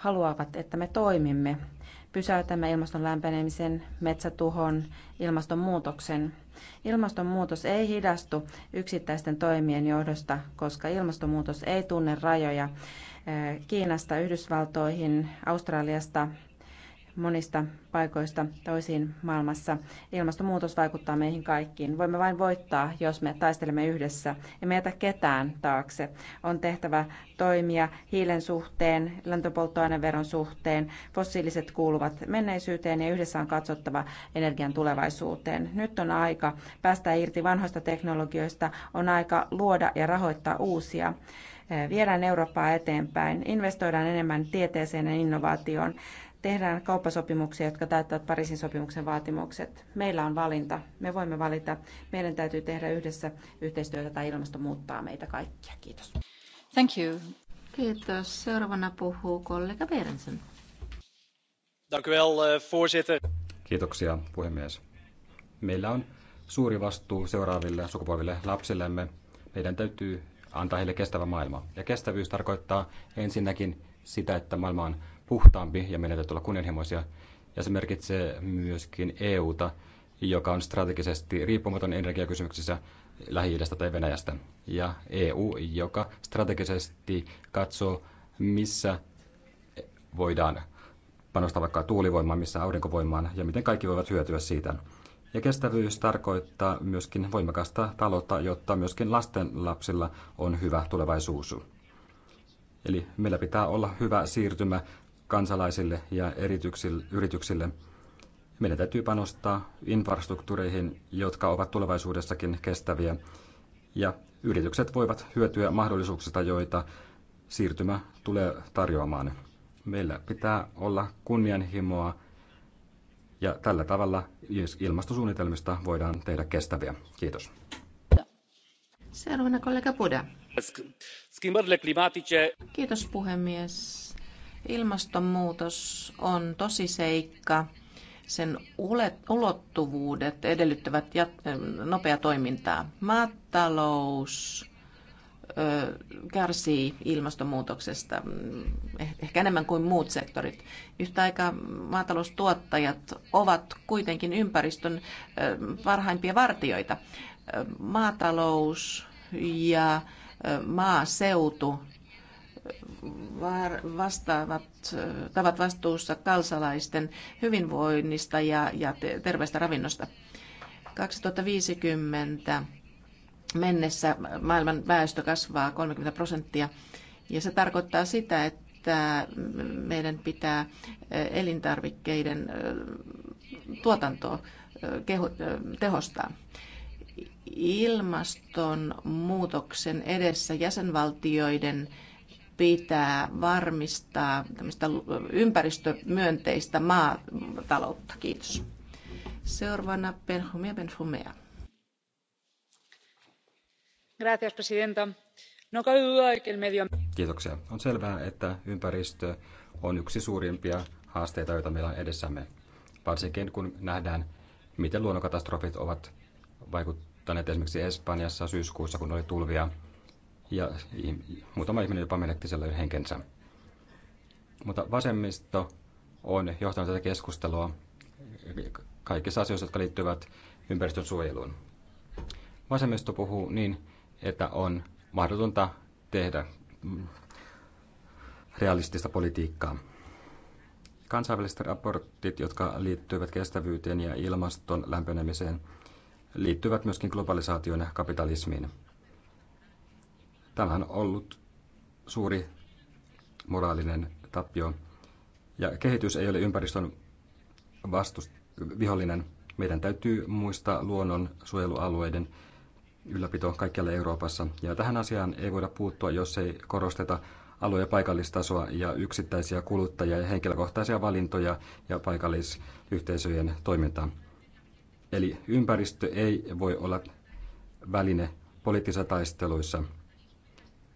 haluavat, että me toimimme. Pysäytämme ilmaston lämpenemisen, metsätuhon, ilmastonmuutoksen. Ilmastonmuutos ei hidastu yksittäisten toimien johdosta, koska ilmastonmuutos ei tunne rajoja. Eh, Kiinasta, Yhdysvaltoihin, Australiasta, monista paikoista toisiin maailmassa. Ilmastonmuutos vaikuttaa meihin kaikkiin. Voimme vain voittaa, jos me taistelemme yhdessä. Emme jätä ketään taakse. On tehtävä toimia hiilen suhteen, lämpöpolttoaineveron suhteen. Fossiiliset kuuluvat menneisyyteen ja yhdessä on katsottava energian tulevaisuuteen. Nyt on aika päästä irti vanhoista teknologioista. On aika luoda ja rahoittaa uusia viedään Eurooppaa eteenpäin, investoidaan enemmän tieteeseen ja innovaatioon, tehdään kauppasopimuksia, jotka täyttävät Pariisin sopimuksen vaatimukset. Meillä on valinta. Me voimme valita. Meidän täytyy tehdä yhdessä yhteistyötä tai ilmasto muuttaa meitä kaikkia. Kiitos. Thank you. Kiitos. Seuraavana puhuu kollega Berensen. Dank u wel, eh, voorzitter. Kiitoksia, puhemies. Meillä on suuri vastuu seuraaville sukupolville lapsillemme. Meidän täytyy antaa heille kestävä maailma. Ja kestävyys tarkoittaa ensinnäkin sitä, että maailma on puhtaampi ja meidän täytyy olla kunnianhimoisia. Ja se merkitsee myöskin EUta, joka on strategisesti riippumaton energiakysymyksissä lähi tai Venäjästä. Ja EU, joka strategisesti katsoo, missä voidaan panostaa vaikka tuulivoimaan, missä aurinkovoimaan ja miten kaikki voivat hyötyä siitä. Ja kestävyys tarkoittaa myöskin voimakasta taloutta, jotta myöskin lasten lapsilla on hyvä tulevaisuus. Eli meillä pitää olla hyvä siirtymä kansalaisille ja yrityksille. Meidän täytyy panostaa infrastruktuureihin, jotka ovat tulevaisuudessakin kestäviä, ja yritykset voivat hyötyä mahdollisuuksista, joita siirtymä tulee tarjoamaan. Meillä pitää olla kunnianhimoa, ja tällä tavalla ilmastosuunnitelmista voidaan tehdä kestäviä. Kiitos. Seuraavana kollega Buda. Kiitos puhemies Ilmastonmuutos on tosi seikka. Sen ulottuvuudet edellyttävät nopea toimintaa. Maatalous kärsii ilmastonmuutoksesta mm, eh, ehkä enemmän kuin muut sektorit. Yhtä aikaa maataloustuottajat ovat kuitenkin ympäristön parhaimpia vartioita. Maatalous ja maaseutu vastaavat, tavat vastuussa kansalaisten hyvinvoinnista ja, ja terveestä ravinnosta. 2050 mennessä maailman väestö kasvaa 30 prosenttia ja se tarkoittaa sitä, että meidän pitää eh, elintarvikkeiden eh, tuotantoa eh, tehostaa ilmastonmuutoksen edessä jäsenvaltioiden pitää varmistaa tämmöistä ympäristömyönteistä maataloutta. Kiitos. Seuraavana Benjumea Benjumea. Gracias, presidenta. No cabe duda de que el medio... Kiitoksia. On selvää, että ympäristö on yksi suurimpia haasteita, joita meillä on edessämme. Varsinkin kun nähdään, miten luonnonkatastrofit ovat vaikuttaneet esimerkiksi Espanjassa syyskuussa, kun oli tulvia ja muutama ihminen jopa menetti siellä henkensä. Mutta vasemmisto on johtanut tätä keskustelua kaikissa asioissa, jotka liittyvät ympäristön suojeluun. Vasemmisto puhuu niin, että on mahdotonta tehdä realistista politiikkaa. Kansainväliset raportit, jotka liittyvät kestävyyteen ja ilmaston lämpenemiseen, liittyvät myöskin globalisaation ja kapitalismiin. Tämä on ollut suuri moraalinen tappio. Ja kehitys ei ole ympäristön vastust, vihollinen. Meidän täytyy muistaa luonnon suojelualueiden ylläpito kaikkialla Euroopassa. Ja tähän asiaan ei voida puuttua, jos ei korosteta alue- ja paikallistasoa ja yksittäisiä kuluttajia ja henkilökohtaisia valintoja ja paikallisyhteisöjen toimintaa. Eli ympäristö ei voi olla väline poliittisissa taisteluissa –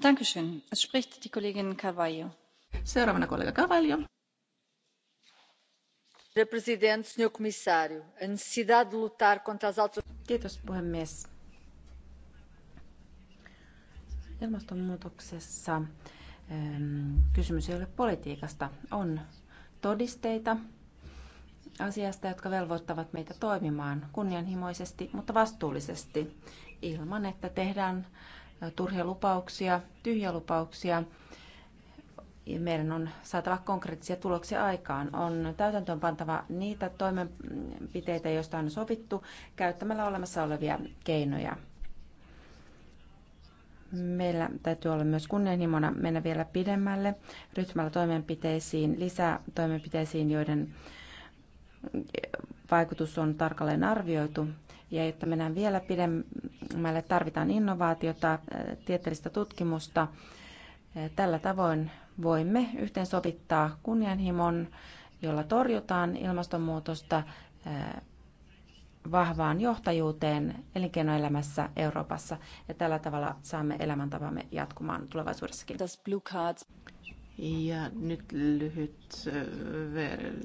arvoisa puhemies ilmastonmuutoksessa kysymys ei ole politiikasta on todisteita asiasta, jotka velvoittavat meitä toimimaan kunnianhimoisesti, mutta vastuullisesti, ilman että tehdään turhia lupauksia, tyhjiä lupauksia. Meidän on saatava konkreettisia tuloksia aikaan. On täytäntöön pantava niitä toimenpiteitä, joista on sovittu, käyttämällä olemassa olevia keinoja. Meillä täytyy olla myös kunnianhimona mennä vielä pidemmälle ryhtymällä toimenpiteisiin, lisää toimenpiteisiin, joiden vaikutus on tarkalleen arvioitu. Ja jotta mennään vielä pidemmälle, tarvitaan innovaatiota, äh, tieteellistä tutkimusta. Äh, tällä tavoin voimme yhteensovittaa kunnianhimon, jolla torjutaan ilmastonmuutosta äh, vahvaan johtajuuteen elinkeinoelämässä Euroopassa. Ja tällä tavalla saamme elämäntapamme jatkumaan tulevaisuudessakin. Ja nyt lyhyt,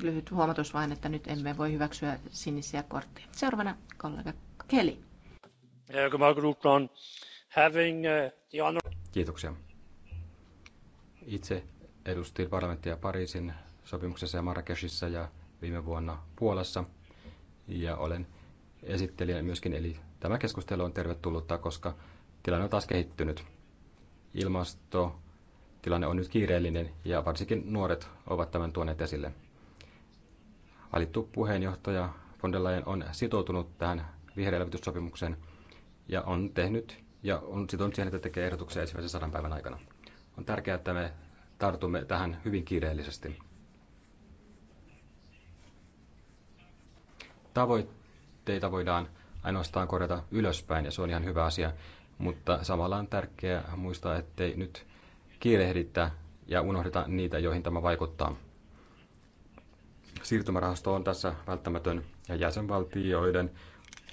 lyhyt huomautus vain, että nyt emme voi hyväksyä sinisiä kortteja. Seuraavana kollega Kelly. Kiitoksia. Itse edustin parlamenttia Pariisin sopimuksessa ja Marrakeshissa ja viime vuonna Puolassa. Ja olen esittelijä myöskin, eli tämä keskustelu on tervetullutta, koska tilanne on taas kehittynyt. Ilmasto tilanne on nyt kiireellinen ja varsinkin nuoret ovat tämän tuoneet esille. Valittu puheenjohtaja von der Leyen on sitoutunut tähän vihreän ja on tehnyt ja on sitoutunut siihen, että tekee ehdotuksia ensimmäisen sadan päivän aikana. On tärkeää, että me tartumme tähän hyvin kiireellisesti. Tavoitteita voidaan ainoastaan korjata ylöspäin ja se on ihan hyvä asia, mutta samalla on tärkeää muistaa, ettei nyt kiirehditä ja unohdeta niitä, joihin tämä vaikuttaa. Siirtymärahasto on tässä välttämätön ja jäsenvaltioiden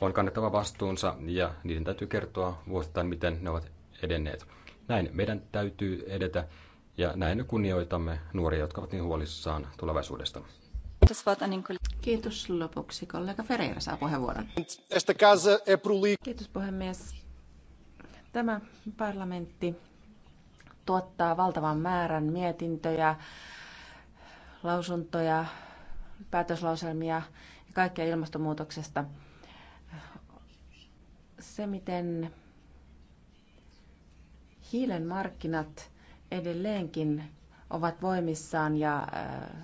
on kannettava vastuunsa ja niiden täytyy kertoa vuosittain, miten ne ovat edenneet. Näin meidän täytyy edetä ja näin kunnioitamme nuoria, jotka ovat niin huolissaan tulevaisuudesta. Kiitos lopuksi. Kollega Ferreira saa puheenvuoron. Kiitos puhemies. Tämä parlamentti tuottaa valtavan määrän mietintöjä, lausuntoja, päätöslauselmia ja kaikkea ilmastonmuutoksesta. Se, miten hiilen markkinat edelleenkin ovat voimissaan ja äh,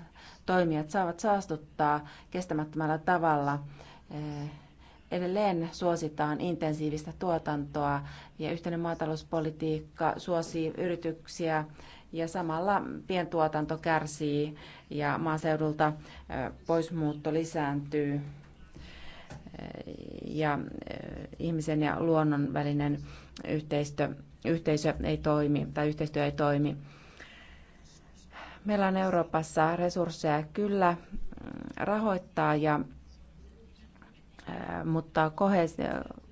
toimijat saavat saastuttaa kestämättömällä tavalla äh, edelleen suositaan intensiivistä tuotantoa ja yhteinen maatalouspolitiikka suosii yrityksiä ja samalla pientuotanto kärsii ja maaseudulta poismuutto lisääntyy ja ihmisen ja luonnon välinen yhteistyö, yhteisö ei toimi tai yhteistyö ei toimi. Meillä on Euroopassa resursseja kyllä mm, rahoittaa ja mutta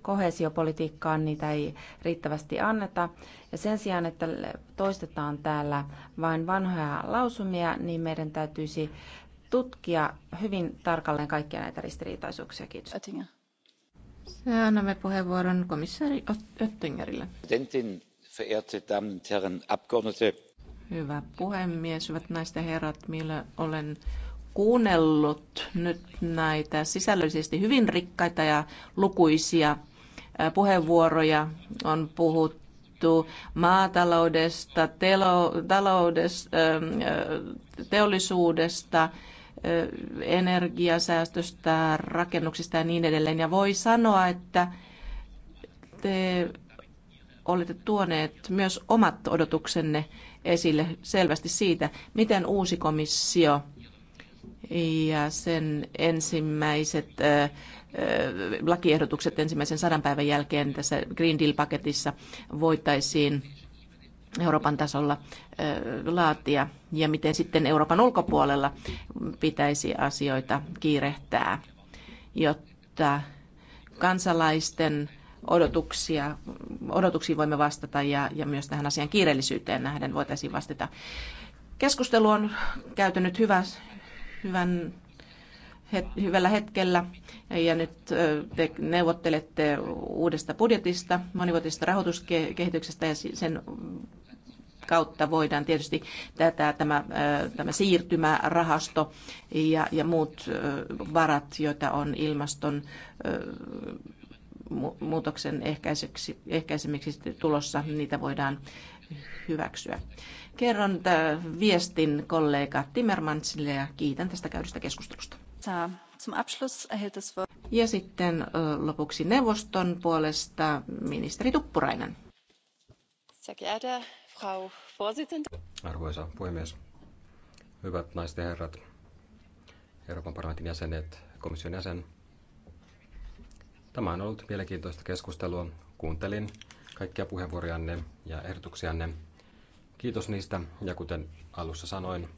kohesiopolitiikkaan niitä ei riittävästi anneta. Ja sen sijaan, että toistetaan täällä vain vanhoja lausumia, niin meidän täytyisi tutkia hyvin tarkalleen kaikkia näitä ristiriitaisuuksia. Kiitos. Ja annamme puheenvuoron komissaari Oettingerille. Hyvä puhemies, hyvät naiset ja herrat, millä olen kuunnellut nyt näitä sisällöllisesti hyvin rikkaita ja lukuisia puheenvuoroja. On puhuttu maataloudesta, telo, taloudesta, teollisuudesta, energiasäästöstä, rakennuksista ja niin edelleen. Ja voi sanoa, että te olette tuoneet myös omat odotuksenne esille selvästi siitä, miten uusi komissio ja sen ensimmäiset lakiehdotukset ensimmäisen sadan päivän jälkeen tässä Green Deal-paketissa voitaisiin Euroopan tasolla laatia ja miten sitten Euroopan ulkopuolella pitäisi asioita kiirehtää, jotta kansalaisten odotuksia, odotuksiin voimme vastata ja, ja myös tähän asian kiireellisyyteen nähden voitaisiin vastata. Keskustelu on käytynyt hyvä, hyvän, het, hyvällä hetkellä ja nyt te neuvottelette uudesta budjetista, monivuotisesta rahoituskehityksestä ja sen kautta voidaan tietysti tätä, tämä, tämä siirtymärahasto ja, ja muut varat, joita on ilmaston muutoksen ehkäisemiksi tulossa, niitä voidaan hyväksyä. Kerron äh, viestin kollega Timmermansille ja kiitän tästä käydystä keskustelusta. Ja sitten äh, lopuksi neuvoston puolesta ministeri Tuppurainen. Arvoisa puhemies, hyvät naiset ja herrat, Euroopan parlamentin jäsenet, komission jäsen. Tämä on ollut mielenkiintoista keskustelua. Kuuntelin kaikkia puheenvuorojanne ja ehdotuksianne. Kiitos niistä ja kuten alussa sanoin,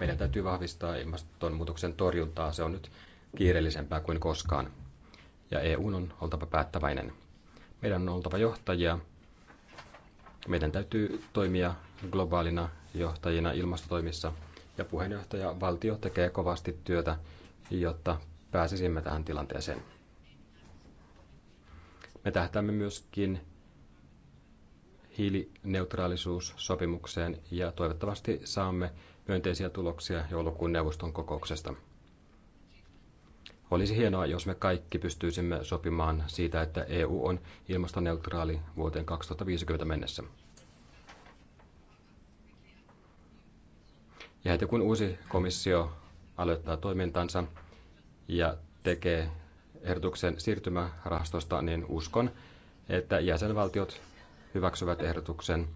meidän täytyy vahvistaa ilmastonmuutoksen torjuntaa. Se on nyt kiireellisempää kuin koskaan. Ja EU on oltava päättäväinen. Meidän on oltava johtajia. Meidän täytyy toimia globaalina johtajina ilmastotoimissa. Ja puheenjohtaja valtio tekee kovasti työtä, jotta pääsisimme tähän tilanteeseen. Me tähtäämme myöskin hiilineutraalisuussopimukseen ja toivottavasti saamme myönteisiä tuloksia joulukuun neuvoston kokouksesta. Olisi hienoa, jos me kaikki pystyisimme sopimaan siitä, että EU on ilmastoneutraali vuoteen 2050 mennessä. Ja heti kun uusi komissio aloittaa toimintansa ja tekee ehdotuksen siirtymärahastosta, niin uskon, että jäsenvaltiot hyväksyvät ehdotuksen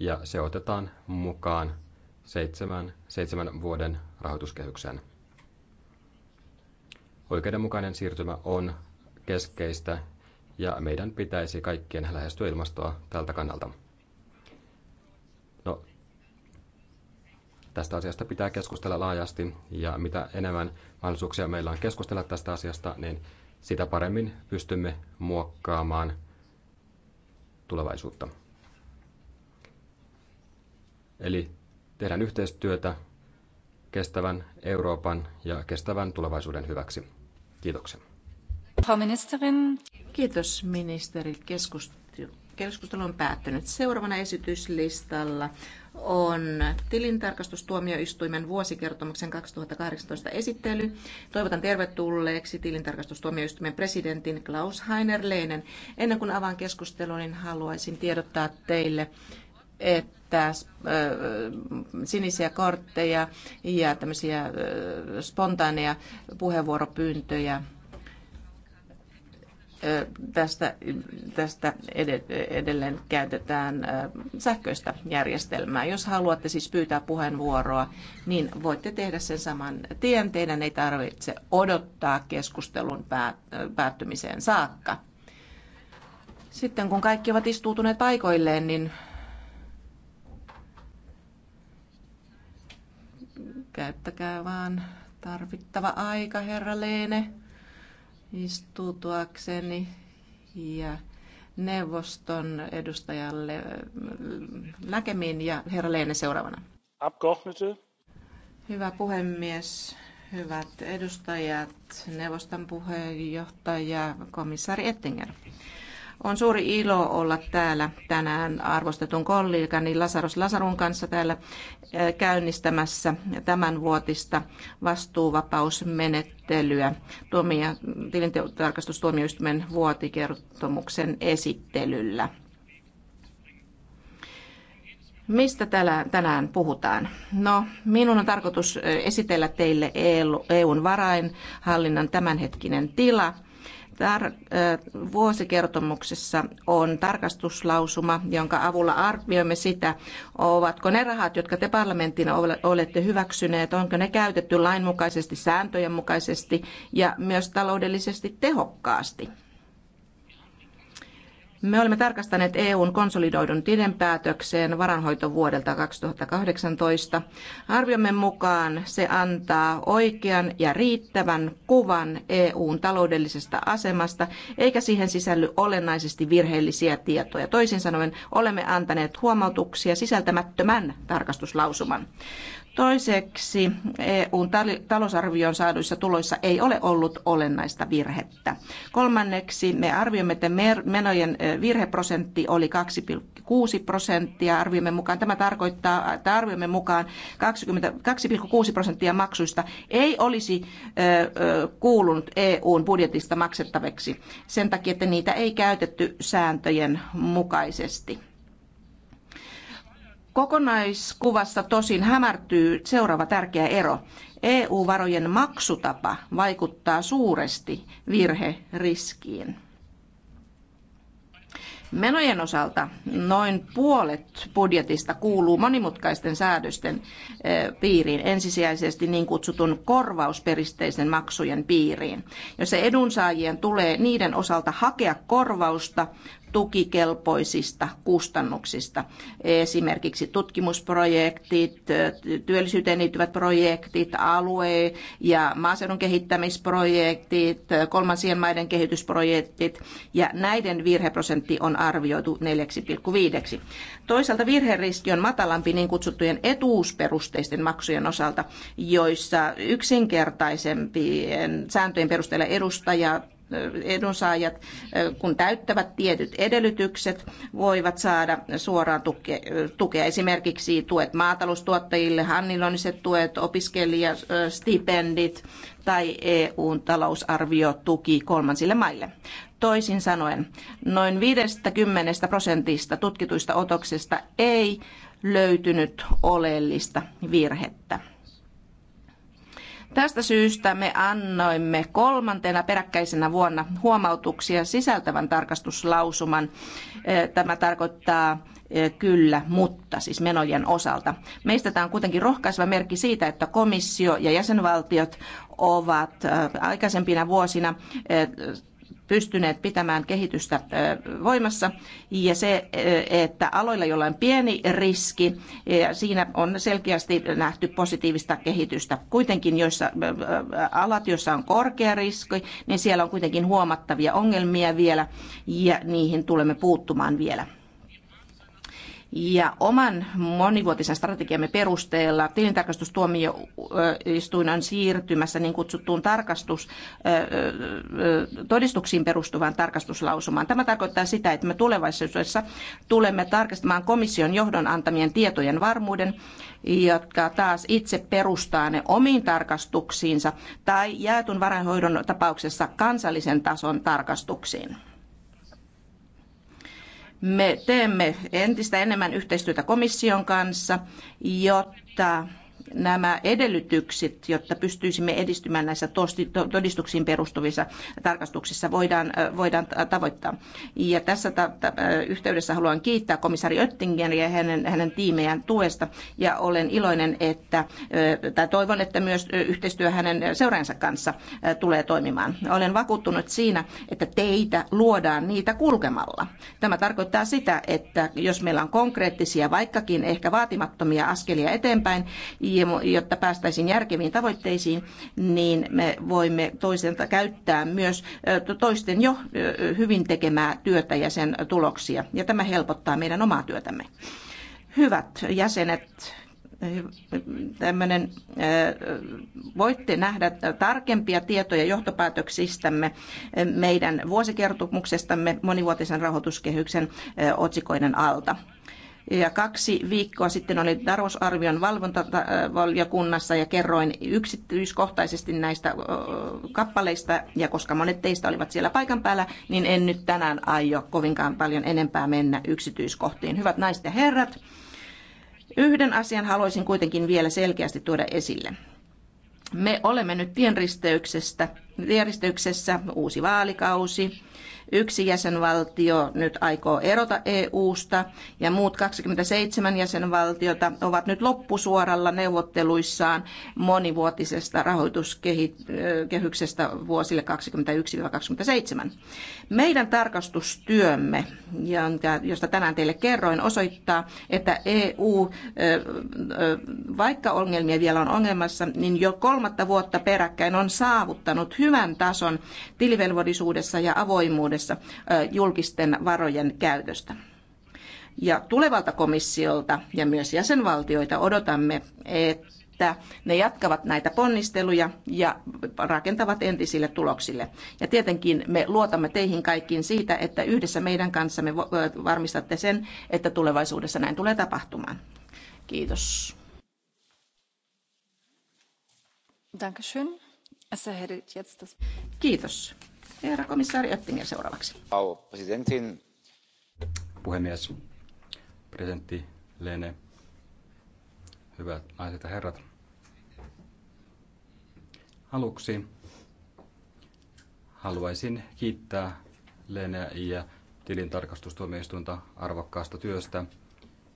ja se otetaan mukaan seitsemän, seitsemän vuoden rahoituskehyksen. Oikeudenmukainen siirtymä on keskeistä ja meidän pitäisi kaikkien lähestyä ilmastoa tältä kannalta. Tästä asiasta pitää keskustella laajasti ja mitä enemmän mahdollisuuksia meillä on keskustella tästä asiasta, niin sitä paremmin pystymme muokkaamaan tulevaisuutta. Eli tehdään yhteistyötä kestävän Euroopan ja kestävän tulevaisuuden hyväksi. Kiitoksia. Frau Ministerin. Kiitos ministeri keskustelu Keskustelu on päättynyt. Seuraavana esityslistalla on tilintarkastustuomioistuimen vuosikertomuksen 2018 esittely. Toivotan tervetulleeksi tilintarkastustuomioistuimen presidentin Klaus Heiner Leinen. Ennen kuin avaan keskustelun, niin haluaisin tiedottaa teille, että äh, sinisiä kortteja ja tämmöisiä äh, spontaaneja puheenvuoropyyntöjä tästä, tästä edelleen käytetään sähköistä järjestelmää. Jos haluatte siis pyytää puheenvuoroa, niin voitte tehdä sen saman tien. Teidän ei tarvitse odottaa keskustelun päättymiseen saakka. Sitten kun kaikki ovat istuutuneet paikoilleen, niin käyttäkää vaan tarvittava aika, herra Leene istutuakseni ja neuvoston edustajalle äh, näkemiin ja herra Leene seuraavana. Hyvä puhemies, hyvät edustajat, neuvoston puheenjohtaja, komissaari Ettinger. On suuri ilo olla täällä tänään arvostetun kollegani Lasaros Lasarun kanssa täällä käynnistämässä tämän vuotista vastuuvapausmenettelyä tilintarkastustuomioistuimen vuotikertomuksen esittelyllä. Mistä täällä tänään puhutaan? No, minun on tarkoitus esitellä teille EUn e varainhallinnan tämänhetkinen tila – tar- vuosikertomuksessa on tarkastuslausuma, jonka avulla arvioimme sitä, ovatko ne rahat, jotka te parlamenttina olette hyväksyneet, onko ne käytetty lainmukaisesti, sääntöjen mukaisesti ja myös taloudellisesti tehokkaasti. Me olemme tarkastaneet EUn konsolidoidun tilinpäätökseen varanhoitovuodelta 2018. Arviomme mukaan se antaa oikean ja riittävän kuvan EUn taloudellisesta asemasta, eikä siihen sisälly olennaisesti virheellisiä tietoja. Toisin sanoen olemme antaneet huomautuksia sisältämättömän tarkastuslausuman. Toiseksi EUn talousarvioon saaduissa tuloissa ei ole ollut olennaista virhettä. Kolmanneksi me arvioimme, että menojen virheprosentti oli 2,6 prosenttia. Arvioimme mukaan tämä tarkoittaa, että arvioimme mukaan 2,6 prosenttia maksuista ei olisi kuulunut EUn budjetista maksettaviksi sen takia, että niitä ei käytetty sääntöjen mukaisesti. Kokonaiskuvassa tosin hämärtyy seuraava tärkeä ero. EU-varojen maksutapa vaikuttaa suuresti virheriskiin. Menojen osalta noin puolet budjetista kuuluu monimutkaisten säädösten eh, piiriin, ensisijaisesti niin kutsutun korvausperisteisen maksujen piiriin, jossa edunsaajien tulee niiden osalta hakea korvausta tukikelpoisista kustannuksista. Esimerkiksi tutkimusprojektit, työllisyyteen liittyvät projektit, alue- ja maaseudun kehittämisprojektit, kolmansien maiden kehitysprojektit ja näiden virheprosentti on arvioitu 4,5. Toisaalta virheriski on matalampi niin kutsuttujen etuusperusteisten maksujen osalta, joissa yksinkertaisempien sääntöjen perusteella edustajat edunsaajat, kun täyttävät tietyt edellytykset, voivat saada suoraan tukea. Esimerkiksi tuet maataloustuottajille, hallinnolliset tuet, opiskelijastipendit tai EUn talousarviotuki kolmansille maille. Toisin sanoen, noin 50 prosentista tutkituista otoksista ei löytynyt oleellista virhettä. Tästä syystä me annoimme kolmantena peräkkäisenä vuonna huomautuksia sisältävän tarkastuslausuman. Tämä tarkoittaa kyllä, mutta siis menojen osalta. Meistä tämä on kuitenkin rohkaiseva merkki siitä, että komissio ja jäsenvaltiot ovat aikaisempina vuosina pystyneet pitämään kehitystä voimassa. Ja se, että aloilla, joilla on pieni riski, siinä on selkeästi nähty positiivista kehitystä. Kuitenkin joissa alat, joissa on korkea riski, niin siellä on kuitenkin huomattavia ongelmia vielä ja niihin tulemme puuttumaan vielä. Ja oman monivuotisen strategiamme perusteella tilintarkastustuomioistuin on siirtymässä niin kutsuttuun tarkastus, todistuksiin perustuvaan tarkastuslausumaan. Tämä tarkoittaa sitä, että me tulevaisuudessa tulemme tarkastamaan komission johdon antamien tietojen varmuuden, jotka taas itse perustaa ne omiin tarkastuksiinsa tai jaetun varainhoidon tapauksessa kansallisen tason tarkastuksiin. Me teemme entistä enemmän yhteistyötä komission kanssa, jotta nämä edellytykset, jotta pystyisimme edistymään näissä todistuksiin perustuvissa tarkastuksissa, voidaan, voidaan tavoittaa. Ja tässä yhteydessä haluan kiittää komissaari Öttingen ja hänen, hänen tiimejään tuesta, ja olen iloinen, että, tai toivon, että myös yhteistyö hänen seuraansa kanssa tulee toimimaan. Olen vakuuttunut siinä, että teitä luodaan niitä kulkemalla. Tämä tarkoittaa sitä, että jos meillä on konkreettisia, vaikkakin ehkä vaatimattomia askelia eteenpäin, jotta päästäisiin järkeviin tavoitteisiin, niin me voimme toiselta käyttää myös toisten jo hyvin tekemää työtä ja sen tuloksia. Ja tämä helpottaa meidän omaa työtämme. Hyvät jäsenet, tämmönen, voitte nähdä tarkempia tietoja johtopäätöksistämme meidän vuosikertomuksestamme monivuotisen rahoituskehyksen otsikoiden alta. Ja kaksi viikkoa sitten olin talousarvion valvontavaliokunnassa ja kerroin yksityiskohtaisesti näistä kappaleista. Ja koska monet teistä olivat siellä paikan päällä, niin en nyt tänään aio kovinkaan paljon enempää mennä yksityiskohtiin. Hyvät naiset ja herrat, yhden asian haluaisin kuitenkin vielä selkeästi tuoda esille. Me olemme nyt tienristeyksestä järjestyksessä uusi vaalikausi. Yksi jäsenvaltio nyt aikoo erota EU-sta ja muut 27 jäsenvaltiota ovat nyt loppusuoralla neuvotteluissaan monivuotisesta rahoituskehyksestä vuosille 2021-2027. Meidän tarkastustyömme, josta tänään teille kerroin, osoittaa, että EU, vaikka ongelmia vielä on ongelmassa, niin jo kolmatta vuotta peräkkäin on saavuttanut hyvää hyvän tason tilivelvollisuudessa ja avoimuudessa julkisten varojen käytöstä. Ja tulevalta komissiolta ja myös jäsenvaltioita odotamme, että ne jatkavat näitä ponnisteluja ja rakentavat entisille tuloksille. Ja tietenkin me luotamme teihin kaikkiin siitä, että yhdessä meidän kanssamme varmistatte sen, että tulevaisuudessa näin tulee tapahtumaan. Kiitos. Dankeschön. Kiitos. seuraavaksi. Puhemies, presidentti Lene, hyvät naiset ja herrat. Aluksi haluaisin kiittää Leneä ja tilintarkastustuomioistuinta arvokkaasta työstä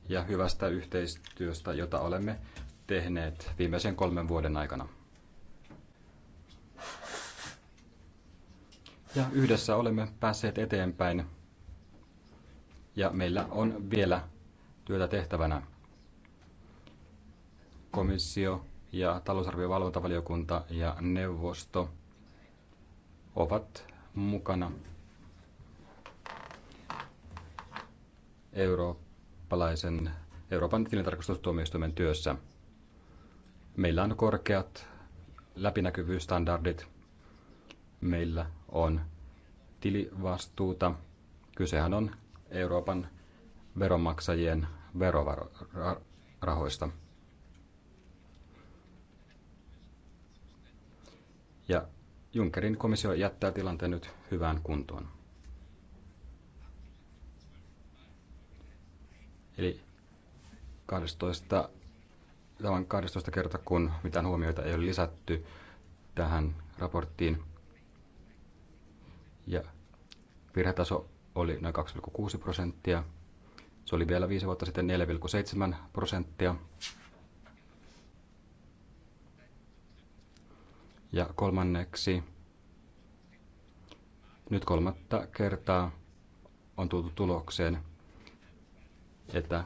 ja hyvästä yhteistyöstä, jota olemme tehneet viimeisen kolmen vuoden aikana. Ja yhdessä olemme päässeet eteenpäin ja meillä on vielä työtä tehtävänä. Komissio ja talousarviovalvontavaliokunta ja neuvosto ovat mukana eurooppalaisen, Euroopan tilintarkastustuomioistuimen työssä. Meillä on korkeat läpinäkyvyysstandardit meillä on tilivastuuta. Kysehän on Euroopan veronmaksajien verorahoista. Ja Junckerin komissio jättää tilanteen nyt hyvään kuntoon. Eli 12, tämä on 12 kerta, kun mitään huomioita ei ole lisätty tähän raporttiin ja virhetaso oli noin 2,6 prosenttia. Se oli vielä viisi vuotta sitten 4,7 prosenttia. Ja kolmanneksi, nyt kolmatta kertaa on tultu tulokseen, että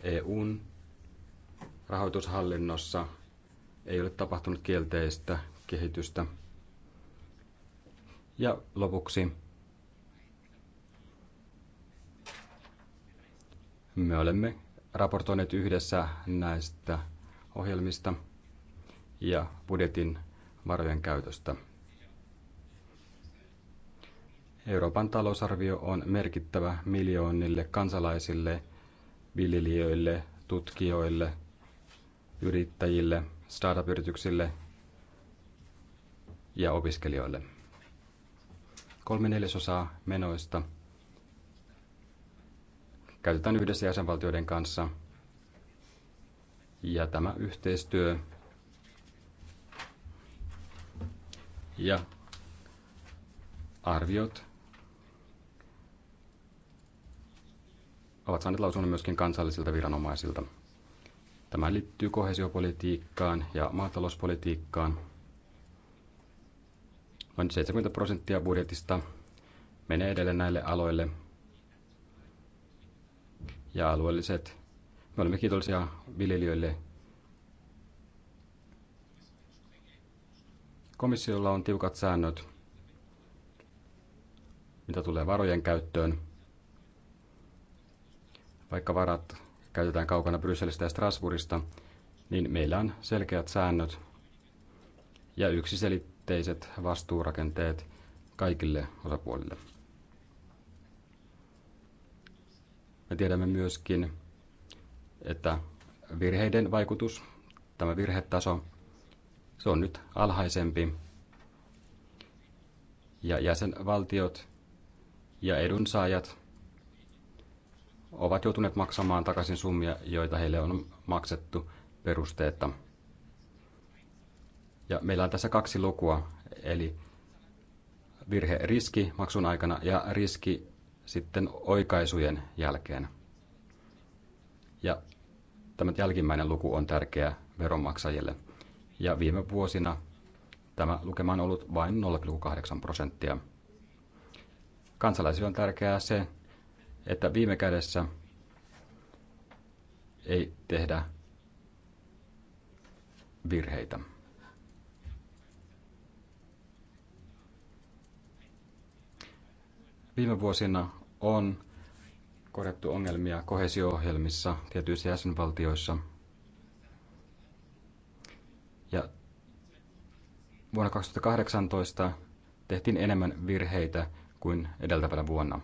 EUn rahoitushallinnossa ei ole tapahtunut kielteistä kehitystä – ja lopuksi me olemme raportoineet yhdessä näistä ohjelmista ja budjetin varojen käytöstä. Euroopan talousarvio on merkittävä miljoonille kansalaisille, viljelijöille, tutkijoille, yrittäjille, startup-yrityksille ja opiskelijoille. Kolme neljäsosaa menoista käytetään yhdessä jäsenvaltioiden kanssa. Ja tämä yhteistyö ja arviot ovat saaneet lausunnon myöskin kansallisilta viranomaisilta. Tämä liittyy kohesiopolitiikkaan ja maatalouspolitiikkaan vain 70 prosenttia budjetista menee edelleen näille aloille. Ja alueelliset, me olemme kiitollisia viljelijöille. Komissiolla on tiukat säännöt, mitä tulee varojen käyttöön. Vaikka varat käytetään kaukana Brysselistä ja Strasbourgista, niin meillä on selkeät säännöt ja yksiselitteinen yhteiset vastuurakenteet kaikille osapuolille. Me tiedämme myöskin, että virheiden vaikutus, tämä virhetaso, se on nyt alhaisempi. Ja jäsenvaltiot ja edunsaajat ovat joutuneet maksamaan takaisin summia, joita heille on maksettu perusteetta – ja meillä on tässä kaksi lukua, eli virhe-riski maksun aikana ja riski sitten oikaisujen jälkeen. Ja tämä jälkimmäinen luku on tärkeä veronmaksajille. Ja viime vuosina tämä lukema on ollut vain 0,8 prosenttia. Kansalaisille on tärkeää se, että viime kädessä ei tehdä virheitä. Viime vuosina on korjattu ongelmia kohesio-ohjelmissa tietyissä jäsenvaltioissa. Ja vuonna 2018 tehtiin enemmän virheitä kuin edeltävänä vuonna.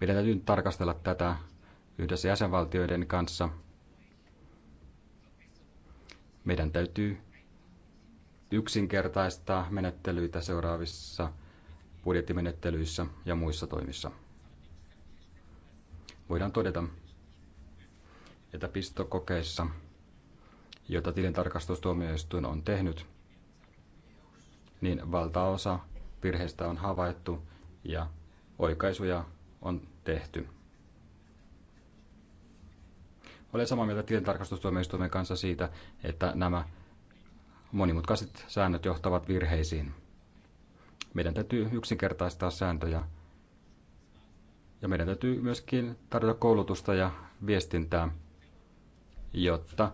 Meidän täytyy nyt tarkastella tätä yhdessä jäsenvaltioiden kanssa. Meidän täytyy yksinkertaistaa menettelyitä seuraavissa budjettimenettelyissä ja muissa toimissa. Voidaan todeta, että pistokokeissa, joita tilintarkastustuomioistuin on tehnyt, niin valtaosa virheistä on havaittu ja oikaisuja on tehty. Olen samaa mieltä tilintarkastustuomioistuimen kanssa siitä, että nämä monimutkaiset säännöt johtavat virheisiin. Meidän täytyy yksinkertaistaa sääntöjä ja meidän täytyy myöskin tarjota koulutusta ja viestintää, jotta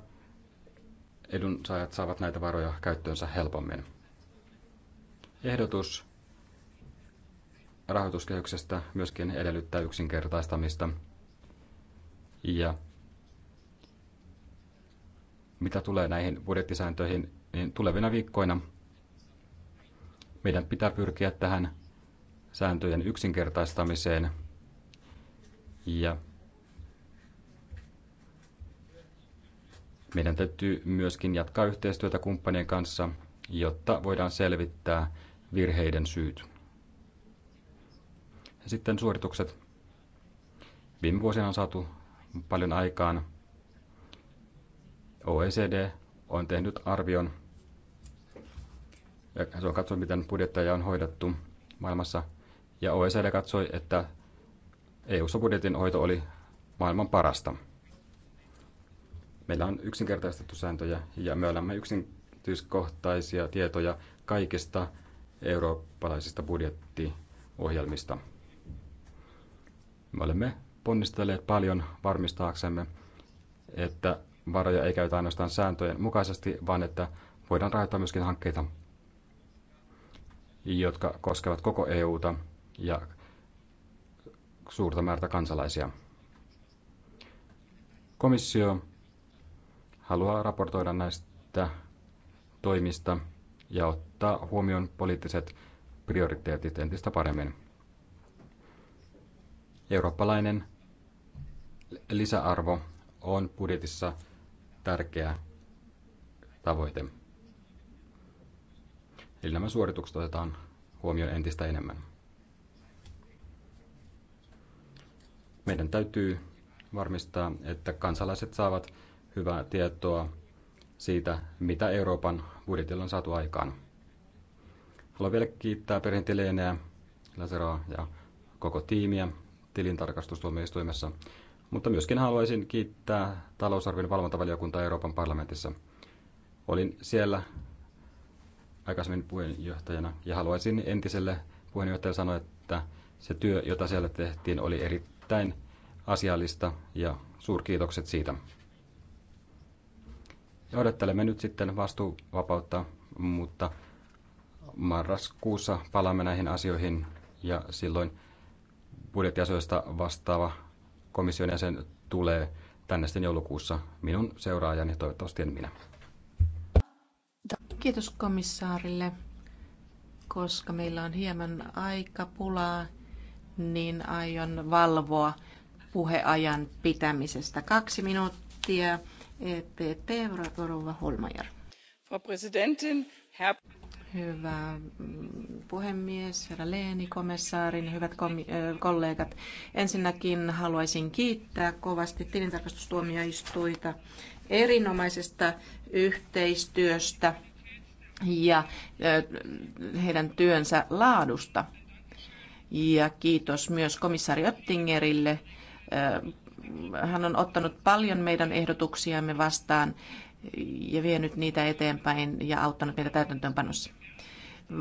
edunsaajat saavat näitä varoja käyttöönsä helpommin. Ehdotus rahoituskehyksestä myöskin edellyttää yksinkertaistamista. Ja mitä tulee näihin budjettisääntöihin, niin tulevina viikkoina meidän pitää pyrkiä tähän sääntöjen yksinkertaistamiseen ja meidän täytyy myöskin jatkaa yhteistyötä kumppanien kanssa, jotta voidaan selvittää virheiden syyt. Ja sitten suoritukset. Viime vuosina on saatu paljon aikaan. OECD on tehnyt arvion ja se on katsonut, miten budjetteja on hoidettu maailmassa. Ja OECD katsoi, että EU-ssa budjetin hoito oli maailman parasta. Meillä on yksinkertaistettu sääntöjä ja me olemme yksityiskohtaisia tietoja kaikista eurooppalaisista budjettiohjelmista. Me olemme ponnistelleet paljon varmistaaksemme, että varoja ei käytä ainoastaan sääntöjen mukaisesti, vaan että voidaan rahoittaa myöskin hankkeita, jotka koskevat koko EUta ja suurta määrää kansalaisia. Komissio haluaa raportoida näistä toimista ja ottaa huomioon poliittiset prioriteetit entistä paremmin. Eurooppalainen lisäarvo on budjetissa tärkeä tavoite. Eli nämä suoritukset otetaan huomioon entistä enemmän. Meidän täytyy varmistaa, että kansalaiset saavat hyvää tietoa siitä, mitä Euroopan budjetilla on saatu aikaan. Haluan vielä kiittää Perin laseroa ja koko tiimiä tilintarkastustuomioistuimessa, mutta myöskin haluaisin kiittää talousarvion valvontavaliokuntaa Euroopan parlamentissa. Olin siellä aikaisemmin puheenjohtajana. Ja haluaisin entiselle puheenjohtajalle sanoa, että se työ, jota siellä tehtiin, oli erittäin asiallista ja suurkiitokset siitä. Ja odottelemme nyt sitten vastuuvapautta, mutta marraskuussa palaamme näihin asioihin ja silloin budjettiasioista vastaava komission jäsen tulee tänne sitten joulukuussa minun seuraajani, toivottavasti en minä. Kiitos komissaarille. Koska meillä on hieman aikapulaa, niin aion valvoa puheajan pitämisestä. Kaksi minuuttia. EPP Rova Holmajar. Hyvä mm, puhemies, herra Leeni, komissaarin, hyvät kom- kollegat. Ensinnäkin haluaisin kiittää kovasti tilintarkastustuomioistuita erinomaisesta yhteistyöstä ja heidän työnsä laadusta. Ja kiitos myös komissaari Oettingerille. Hän on ottanut paljon meidän ehdotuksiamme vastaan ja vienyt niitä eteenpäin ja auttanut meitä täytäntöönpanossa.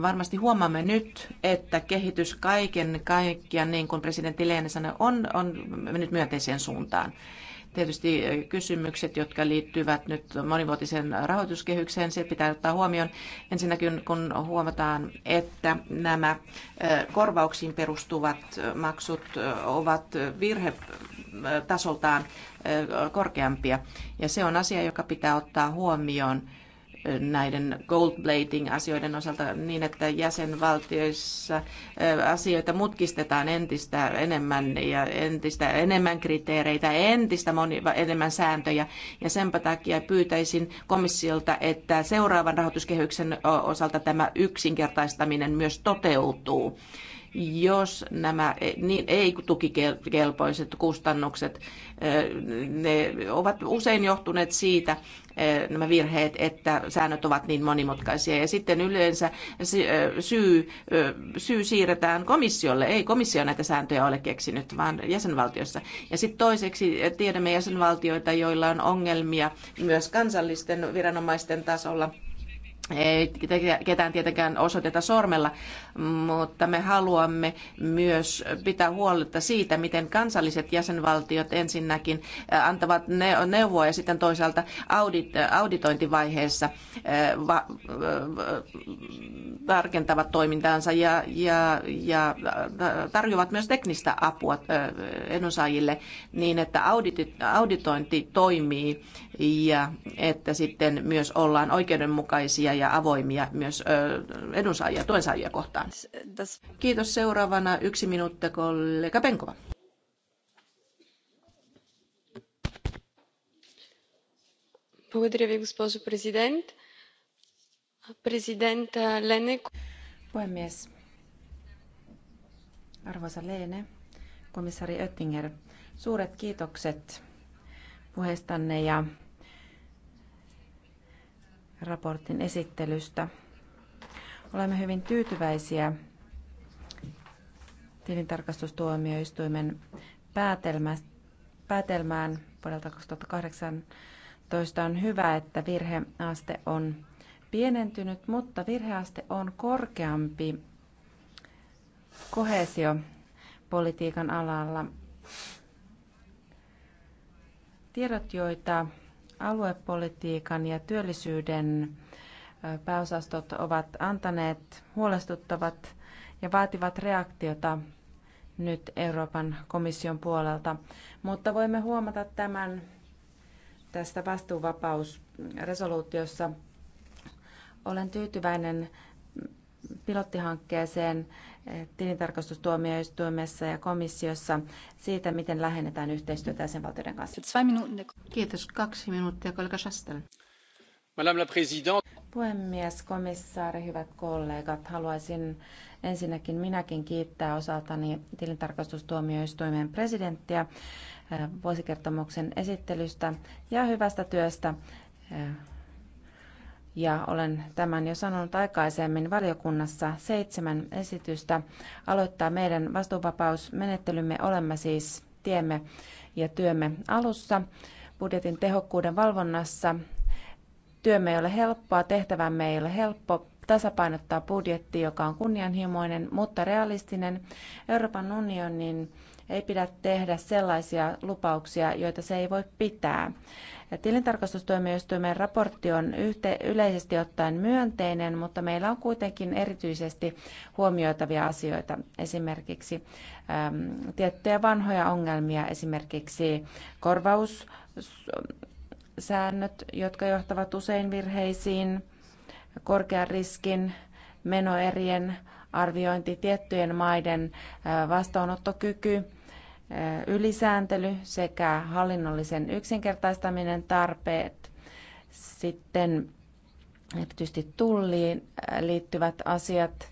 Varmasti huomaamme nyt, että kehitys kaiken kaikkiaan, niin kuin presidentti Leene sanoi, on, on mennyt myönteiseen suuntaan tietysti eh, kysymykset, jotka liittyvät nyt monivuotisen rahoituskehykseen. Se pitää ottaa huomioon ensinnäkin, kun huomataan, että nämä eh, korvauksiin perustuvat eh, maksut ovat virhetasoltaan korkeampia. Ja se on asia, joka pitää ottaa huomioon näiden goldplating-asioiden osalta niin, että jäsenvaltioissa asioita mutkistetaan entistä enemmän ja entistä enemmän kriteereitä, entistä moni, enemmän sääntöjä. Ja sen takia pyytäisin komissiolta, että seuraavan rahoituskehyksen osalta tämä yksinkertaistaminen myös toteutuu jos nämä e, niin ei-tukikelpoiset kustannukset ne ovat usein johtuneet siitä, eh, nämä virheet, että säännöt ovat niin monimutkaisia. Ja sitten yleensä eh, syy, eh, syy siirretään komissiolle. Ei komissio näitä sääntöjä ole keksinyt, vaan jäsenvaltiossa. Ja sitten toiseksi tiedämme jäsenvaltioita, joilla on ongelmia myös kansallisten viranomaisten tasolla – ei ketään tietenkään osoiteta sormella, mutta me haluamme myös pitää huolta siitä, miten kansalliset jäsenvaltiot ensinnäkin äh, antavat neuvoa ja sitten toisaalta audit, äh, auditointivaiheessa äh, va, tarkentavat toimintaansa ja, ja, ja tarjoavat myös teknistä apua edunsaajille niin, että audit, auditointi toimii ja että sitten myös ollaan oikeudenmukaisia ja ja avoimia myös edunsaajia, tuensaajia kohtaan. Kiitos. Seuraavana yksi minuutti kollega Penkova. госпожо президент. Lene. Puhemies. Arvoisa Leene, komissaari Oettinger, suuret kiitokset puheestanne ja raportin esittelystä. Olemme hyvin tyytyväisiä tilintarkastustuomioistuimen päätelmään vuodelta 2018 on hyvä, että virheaste on pienentynyt, mutta virheaste on korkeampi kohesiopolitiikan alalla. Tiedot, joita Aluepolitiikan ja työllisyyden pääosastot ovat antaneet huolestuttavat ja vaativat reaktiota nyt Euroopan komission puolelta, mutta voimme huomata tämän tästä vastuuvapausresoluutiossa. Olen tyytyväinen pilottihankkeeseen eh, tilintarkastustuomioistuimessa ja komissiossa siitä, miten lähennetään yhteistyötä jäsenvaltioiden kanssa. Kiitos. Kaksi minuuttia, kollega Schastel. Madame la Présidente. Puhemies, komissaari, hyvät kollegat, haluaisin ensinnäkin minäkin kiittää osaltani tilintarkastustuomioistuimen presidenttiä eh, vuosikertomuksen esittelystä ja hyvästä työstä eh, ja olen tämän jo sanonut aikaisemmin valiokunnassa, seitsemän esitystä aloittaa meidän vastuuvapausmenettelymme. Olemme siis tiemme ja työmme alussa budjetin tehokkuuden valvonnassa. Työmme ei ole helppoa, tehtävämme ei ole helppo, tasapainottaa budjetti, joka on kunnianhimoinen, mutta realistinen. Euroopan unionin ei pidä tehdä sellaisia lupauksia, joita se ei voi pitää. Tilintarkastustuomioistuimen raportti on yhte, yleisesti ottaen myönteinen, mutta meillä on kuitenkin erityisesti huomioitavia asioita, esimerkiksi äm, tiettyjä vanhoja ongelmia, esimerkiksi korvaussäännöt, jotka johtavat usein virheisiin, korkean riskin, menoerien arviointi, tiettyjen maiden vastaanottokyky ylisääntely sekä hallinnollisen yksinkertaistaminen tarpeet. Sitten erityisesti tulliin liittyvät asiat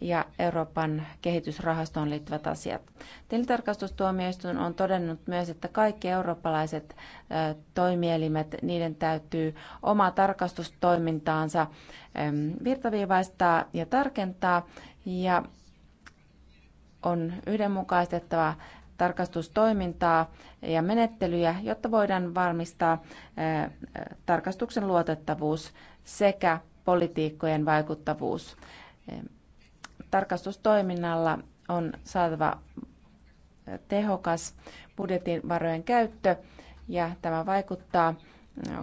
ja Euroopan kehitysrahastoon liittyvät asiat. Tilintarkastustuomioistuin on todennut myös, että kaikki eurooppalaiset toimielimet, niiden täytyy oma tarkastustoimintaansa virtaviivaistaa ja tarkentaa ja on yhdenmukaistettava tarkastustoimintaa ja menettelyjä, jotta voidaan varmistaa eh, tarkastuksen luotettavuus sekä politiikkojen vaikuttavuus. Eh, tarkastustoiminnalla on saatava eh, tehokas budjetin varojen käyttö ja tämä vaikuttaa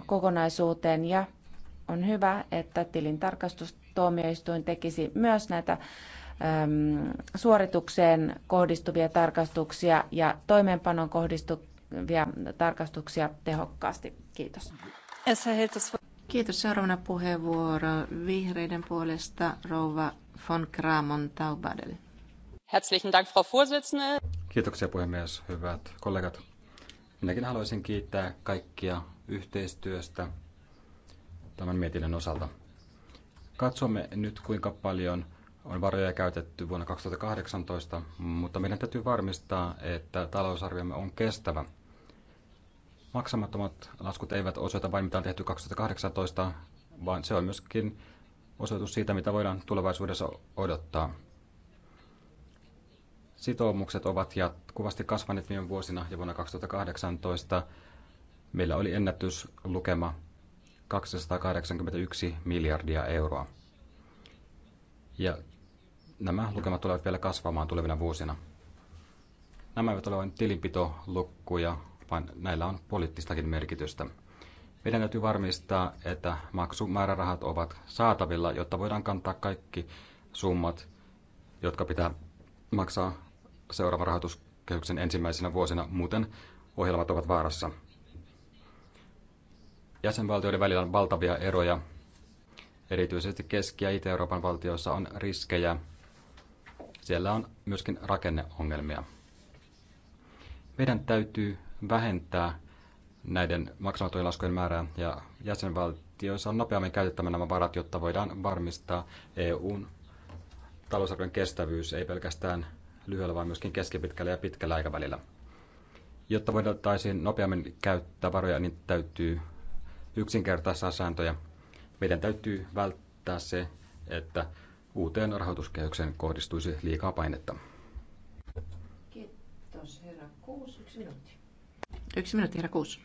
kokonaisuuteen ja on hyvä, että tilintarkastustuomioistuin tekisi myös näitä suoritukseen kohdistuvia tarkastuksia ja toimeenpanon kohdistuvia tarkastuksia tehokkaasti. Kiitos. Kiitos. Seuraavana puheenvuoro vihreiden puolesta rouva von Kramon Taubadel. Herzlichen Dank, Frau Vorsitzende. Kiitoksia puhemies, hyvät kollegat. Minäkin haluaisin kiittää kaikkia yhteistyöstä tämän mietinnön osalta. Katsomme nyt, kuinka paljon – on varoja käytetty vuonna 2018, mutta meidän täytyy varmistaa, että talousarviomme on kestävä. Maksamattomat laskut eivät osoita vain mitä on tehty 2018, vaan se on myöskin osoitus siitä, mitä voidaan tulevaisuudessa odottaa. Sitoumukset ovat jatkuvasti kasvaneet viime vuosina ja vuonna 2018 meillä oli ennätyslukema 281 miljardia euroa. Ja Nämä lukemat tulevat vielä kasvamaan tulevina vuosina. Nämä eivät ole vain tilinpitolukkuja, vaan näillä on poliittistakin merkitystä. Meidän täytyy varmistaa, että maksumäärärahat ovat saatavilla, jotta voidaan kantaa kaikki summat, jotka pitää maksaa seuraavan rahoituskehyksen ensimmäisenä vuosina. Muuten ohjelmat ovat vaarassa. Jäsenvaltioiden välillä on valtavia eroja. Erityisesti Keski- ja Itä-Euroopan valtioissa on riskejä siellä on myöskin rakenneongelmia. Meidän täytyy vähentää näiden maksamattomien laskujen määrää ja jäsenvaltioissa on nopeammin käytettävä nämä varat, jotta voidaan varmistaa EUn talousarvion kestävyys ei pelkästään lyhyellä, vaan myöskin keskipitkällä ja pitkällä aikavälillä. Jotta voitaisiin nopeammin käyttää varoja, niin täytyy yksinkertaistaa sääntöjä. Meidän täytyy välttää se, että uuteen rahoituskehykseen kohdistuisi liikaa painetta. Kiitos herra Kuus. Yksi minuutti. Yksi minuutti herra Kuus.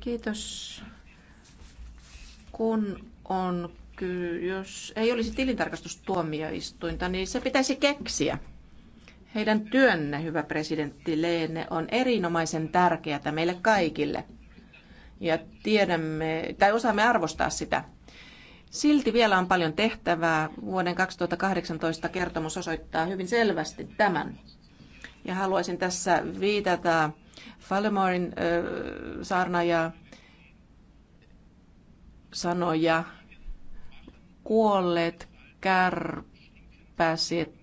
Kiitos. Kun on ky- jos ei olisi tilintarkastustuomioistuinta, niin se pitäisi keksiä. Heidän työnne, hyvä presidentti Leene, on erinomaisen tärkeätä meille kaikille. Ja tiedämme, tai osaamme arvostaa sitä. Silti vielä on paljon tehtävää. Vuoden 2018 kertomus osoittaa hyvin selvästi tämän. Ja haluaisin tässä viitata Falemorin äh, sanoja, kuolleet kärpäset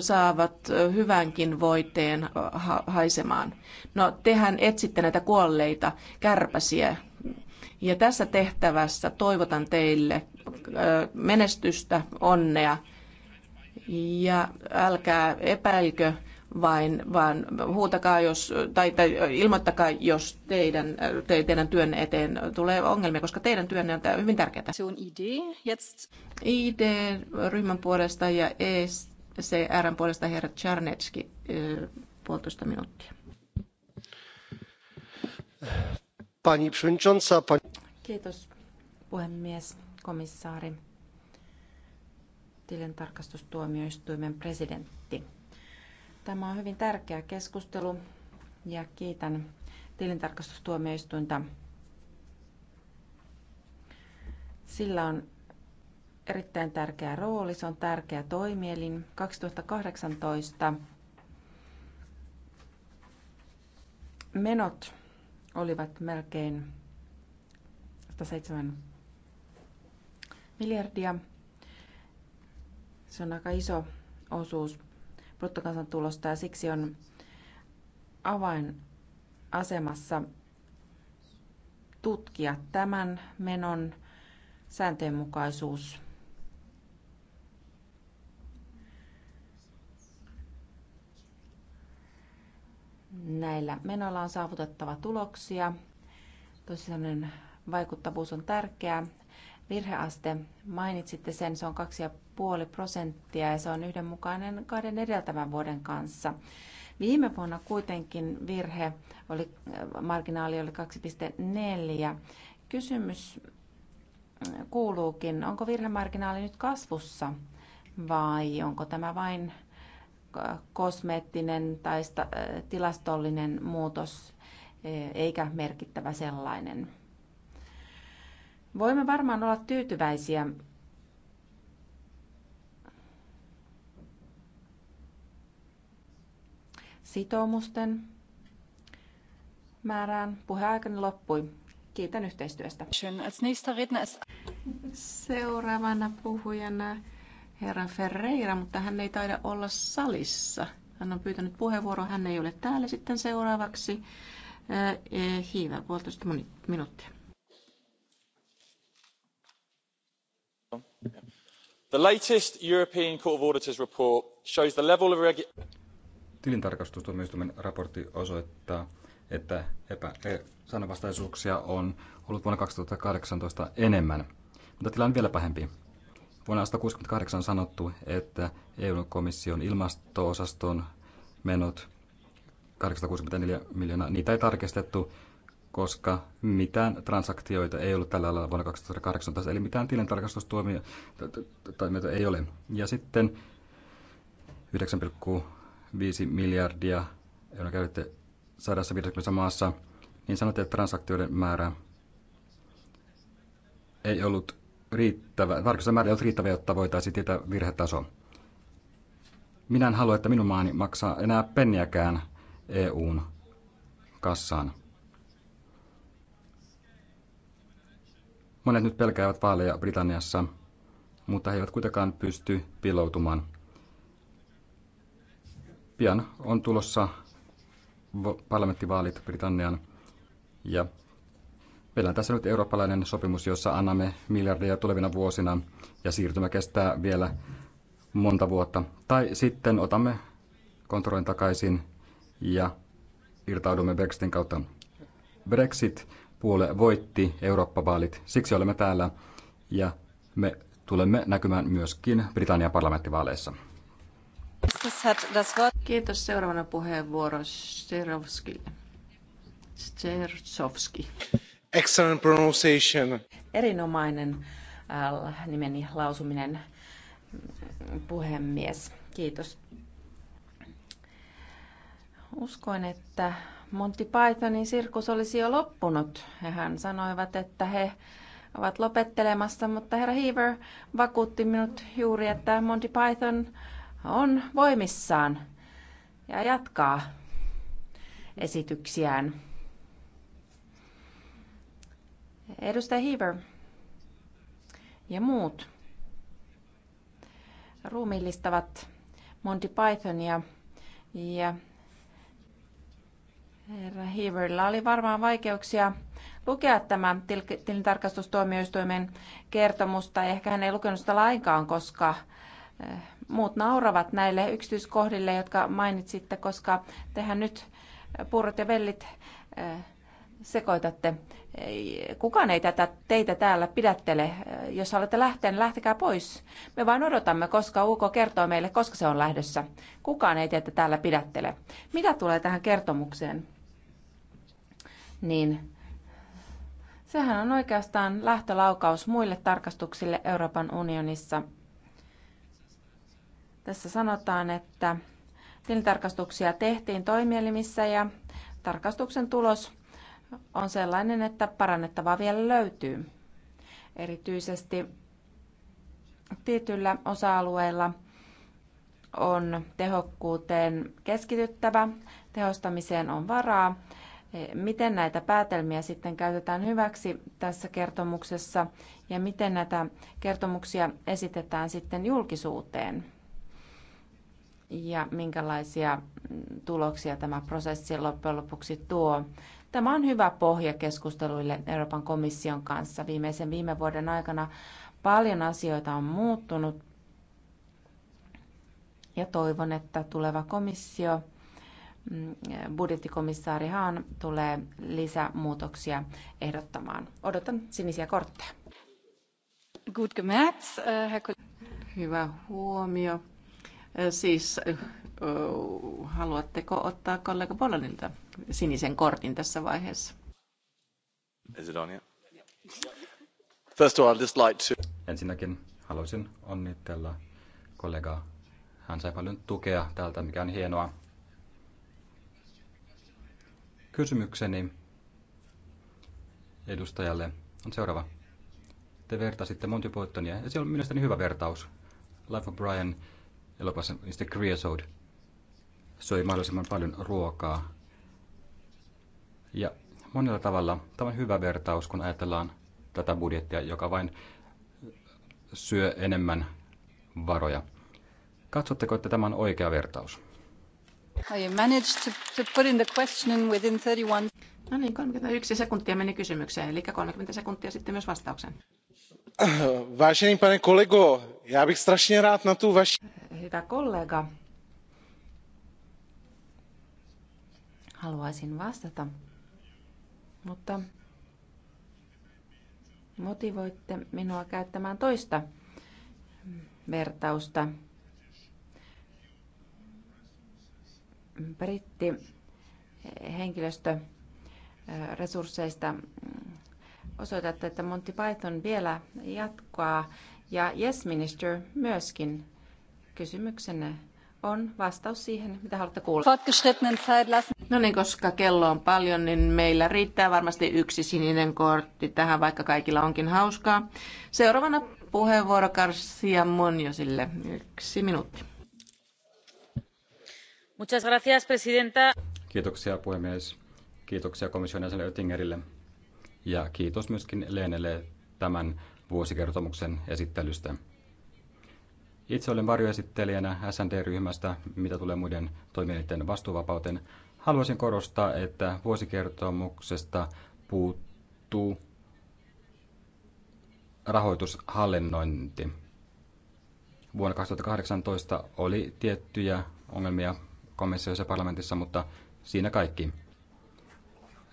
saavat hyvänkin voiteen haisemaan. No, tehän etsitte näitä kuolleita kärpäsiä ja tässä tehtävässä toivotan teille menestystä, onnea ja älkää epäilkö, vain, vaan huutakaa jos, tai, tai ilmoittakaa, jos teidän, te, teidän työn eteen tulee ongelmia, koska teidän työnne on hyvin tärkeää. Se on ID. Jetzt. ID-ryhmän puolesta ja ECR puolesta herra Czarnecki puolitoista minuuttia. Pani przewodnicząca, pani Kiitos puhemies, komissaari, tilintarkastustuomioistuimen presidentti. Tämä on hyvin tärkeä keskustelu ja kiitän tilintarkastustuomioistuinta. Sillä on erittäin tärkeä rooli, se on tärkeä toimielin. 2018 menot olivat melkein 107 miljardia. Se on aika iso osuus bruttokansantulosta ja siksi on avainasemassa tutkia tämän menon sääntöjenmukaisuus. Näillä menoilla on saavutettava tuloksia. Tosi vaikuttavuus on tärkeää. Virheaste, mainitsitte sen, se on 2,5 prosenttia ja se on yhdenmukainen kahden edeltävän vuoden kanssa. Viime vuonna kuitenkin virhe oli, marginaali oli 2,4. Kysymys kuuluukin, onko virhemarginaali nyt kasvussa vai onko tämä vain kosmeettinen tai tilastollinen muutos eikä merkittävä sellainen? Voimme varmaan olla tyytyväisiä sitoumusten määrään. Puheaikani loppui. Kiitän yhteistyöstä. Seuraavana puhujana herra Ferreira, mutta hän ei taida olla salissa. Hän on pyytänyt puheenvuoroa, hän ei ole täällä sitten seuraavaksi. Äh, eh, Hiiva, puolitoista minuuttia. the latest european court of auditors report shows the level of. tilintarkastustuomioistuimen raportti osoittaa että epä- e- sananvastaisuuksia on ollut vuonna 2018 enemmän, mutta tilanne on vielä pahempi. Vuonna 168 on sanottu, että EU-komission ilmasto-osaston menot kahdeksansataakuusikymmentäneljä miljoonaa, niitä ei tarkistettu koska mitään transaktioita ei ollut tällä lailla vuonna 2018, eli mitään tilintarkastustoimia ei ole. Ja sitten 9,5 miljardia euroa käytte 150 maassa, niin sanotte, että transaktioiden määrä ei ollut riittävä, tarkastuksen määrä ei ollut riittävä, jotta voitaisiin tietää virhetaso. Minä en halua, että minun maani maksaa enää penniäkään EUn kassaan. Monet nyt pelkäävät vaaleja Britanniassa, mutta he eivät kuitenkaan pysty piiloutumaan. Pian on tulossa parlamenttivaalit Britannian ja meillä on tässä nyt eurooppalainen sopimus, jossa annamme miljardeja tulevina vuosina ja siirtymä kestää vielä monta vuotta. Tai sitten otamme kontrollin takaisin ja irtaudumme Brexitin kautta. Brexit puolue voitti Eurooppa-vaalit. Siksi olemme täällä ja me tulemme näkymään myöskin Britannian parlamenttivaaleissa. Kiitos. Seuraavana puheenvuoro Serovskille. Stersovski. Excellent pronunciation. Erinomainen äh, nimeni lausuminen mm, puhemies. Kiitos. Uskoin, että Monty Pythonin sirkus olisi jo loppunut. Ja hän sanoivat, että he ovat lopettelemassa, mutta herra Heaver vakuutti minut juuri, että Monty Python on voimissaan ja jatkaa esityksiään. Edustaja Heaver ja muut ruumiillistavat Monty Pythonia ja Herra Heaverilla oli varmaan vaikeuksia lukea tämä tilintarkastustuomioistuimen kertomusta ehkä hän ei lukenut sitä lainkaan, koska eh, muut nauravat näille yksityiskohdille, jotka mainitsitte, koska tehän nyt puurot ja vellit eh, sekoitatte. Kukaan ei tätä teitä täällä pidättele. Eh, jos olette lähteen, niin lähtekää pois. Me vain odotamme, koska UK kertoo meille, koska se on lähdössä. Kukaan ei teitä täällä pidättele. Mitä tulee tähän kertomukseen? niin sehän on oikeastaan lähtölaukaus muille tarkastuksille Euroopan unionissa. Tässä sanotaan, että tilintarkastuksia tehtiin toimielimissä ja tarkastuksen tulos on sellainen, että parannettavaa vielä löytyy. Erityisesti tietyillä osa-alueilla on tehokkuuteen keskityttävä, tehostamiseen on varaa Miten näitä päätelmiä sitten käytetään hyväksi tässä kertomuksessa ja miten näitä kertomuksia esitetään sitten julkisuuteen? Ja minkälaisia mm, tuloksia tämä prosessi loppujen lopuksi tuo? Tämä on hyvä pohja keskusteluille Euroopan komission kanssa. Viimeisen viime vuoden aikana paljon asioita on muuttunut ja toivon, että tuleva komissio – Mm, budjettikomissaari Haan tulee lisämuutoksia ehdottamaan. Odotan sinisiä kortteja. Good uh, gemacht, Hyvä huomio. Äh, siis äh, haluatteko ottaa kollega Bolanilta sinisen kortin tässä vaiheessa? Is it on yet? First of all, I'd just like to... Ensinnäkin haluaisin onnitella kollegaa. Hän sai paljon tukea täältä, mikä on hienoa Kysymykseni edustajalle on seuraava. Te vertasitte Monty Pythonia, ja se on mielestäni hyvä vertaus. Life of Brian, elokuvassa niistä Creosote, söi mahdollisimman paljon ruokaa. Ja monella tavalla tämä on hyvä vertaus, kun ajatellaan tätä budjettia, joka vain syö enemmän varoja. Katsotteko, että tämä on oikea vertaus? Oh, no niin, 31 sekuntia meni kysymykseen, eli 30 sekuntia sitten myös vastauksen. Vážený pane kolego, já bych strašně rád na tu vaši... Hyvä kollega, haluaisin vastata, mutta motivoitte minua käyttämään toista vertausta. britti henkilöstö resursseista osoitatte, että Monty Python vielä jatkaa ja Yes Minister myöskin. Kysymyksenne on vastaus siihen, mitä haluatte kuulla. No niin, koska kello on paljon, niin meillä riittää varmasti yksi sininen kortti tähän, vaikka kaikilla onkin hauskaa. Seuraavana puheenvuoro Karsia Monjosille. Yksi minuutti arvoisa Kiitoksia puhemies. Kiitoksia komission jäsenelle Oettingerille. Ja kiitos myöskin Leenelle tämän vuosikertomuksen esittelystä. Itse olen varjoesittelijänä SND-ryhmästä, mitä tulee muiden toimielinten vastuuvapauteen. Haluaisin korostaa, että vuosikertomuksesta puuttuu rahoitushallinnointi. Vuonna 2018 oli tiettyjä ongelmia komissiossa ja parlamentissa, mutta siinä kaikki.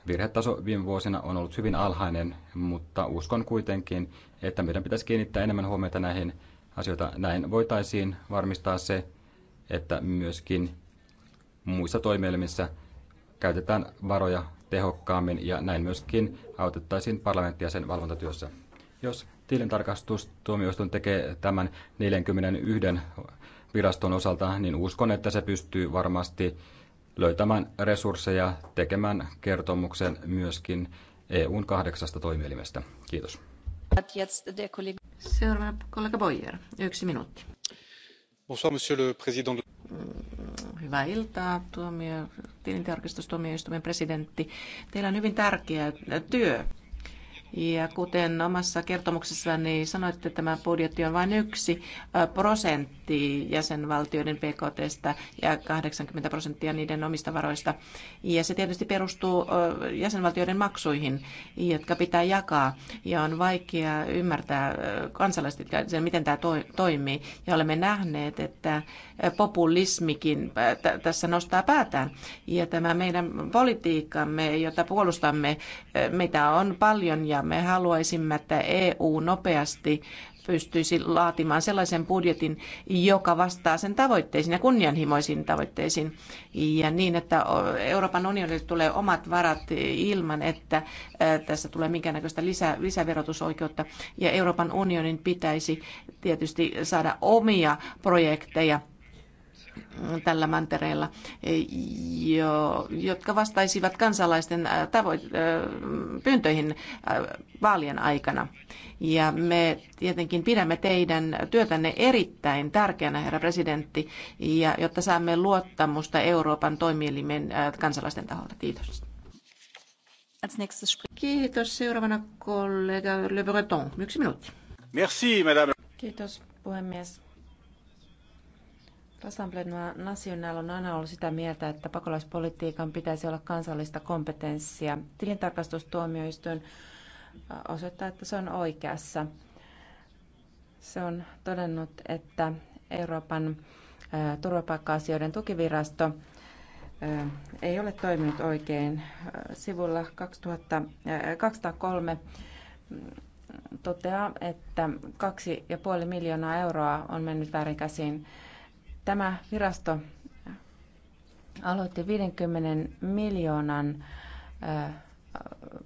Virhetaso viime vuosina on ollut hyvin alhainen, mutta uskon kuitenkin, että meidän pitäisi kiinnittää enemmän huomiota näihin asioita. Näin voitaisiin varmistaa se, että myöskin muissa toimielimissä käytetään varoja tehokkaammin ja näin myöskin autettaisiin parlamenttia sen valvontatyössä. Jos tilintarkastustuomioistuin tekee tämän 41 viraston osalta, niin uskon, että se pystyy varmasti löytämään resursseja tekemään kertomuksen myöskin EUn kahdeksasta toimielimestä. Kiitos. Seuraava kollega Boyer, yksi minuutti. Bonsoir, monsieur le président. Mm, hyvää iltaa, tuomio, tilintarkastustuomioistuimen presidentti. Teillä on hyvin tärkeä työ ja kuten omassa kertomuksessani sanoitte, tämä budjetti on vain yksi prosentti jäsenvaltioiden PKTstä ja 80 prosenttia niiden omista varoista. Ja se tietysti perustuu jäsenvaltioiden maksuihin, jotka pitää jakaa. Ja on vaikea ymmärtää kansalaiset, miten tämä toimii. Ja olemme nähneet, että populismikin tässä nostaa päätään. Ja tämä meidän politiikkamme, jota puolustamme, meitä on paljon ja me haluaisimme, että EU nopeasti pystyisi laatimaan sellaisen budjetin, joka vastaa sen tavoitteisiin ja kunnianhimoisiin tavoitteisiin. Ja niin, että Euroopan unionille tulee omat varat ilman, että tässä tulee minkäännäköistä lisä, lisäverotusoikeutta. Ja Euroopan unionin pitäisi tietysti saada omia projekteja tällä mantereella, jo, jotka vastaisivat kansalaisten äh, tavoit- äh, pyyntöihin äh, vaalien aikana. Ja me tietenkin pidämme teidän työtänne erittäin tärkeänä, herra presidentti, ja jotta saamme luottamusta Euroopan toimielimen kansalaisten taholta. Kiitos. Kiitos. Seuraavana kollega Le Breton. Yksi minuutti. Merci, madame. Kiitos, puhemies. L'Assemblée National on aina ollut sitä mieltä, että pakolaispolitiikan pitäisi olla kansallista kompetenssia. Tilintarkastustuomioistuin äh, osoittaa, että se on oikeassa. Se on todennut, että Euroopan äh, turvapaikka-asioiden tukivirasto äh, ei ole toiminut oikein. Sivulla 2003 mm, toteaa, että 2,5 miljoonaa euroa on mennyt väärinkäsiin Tämä virasto aloitti 50 miljoonan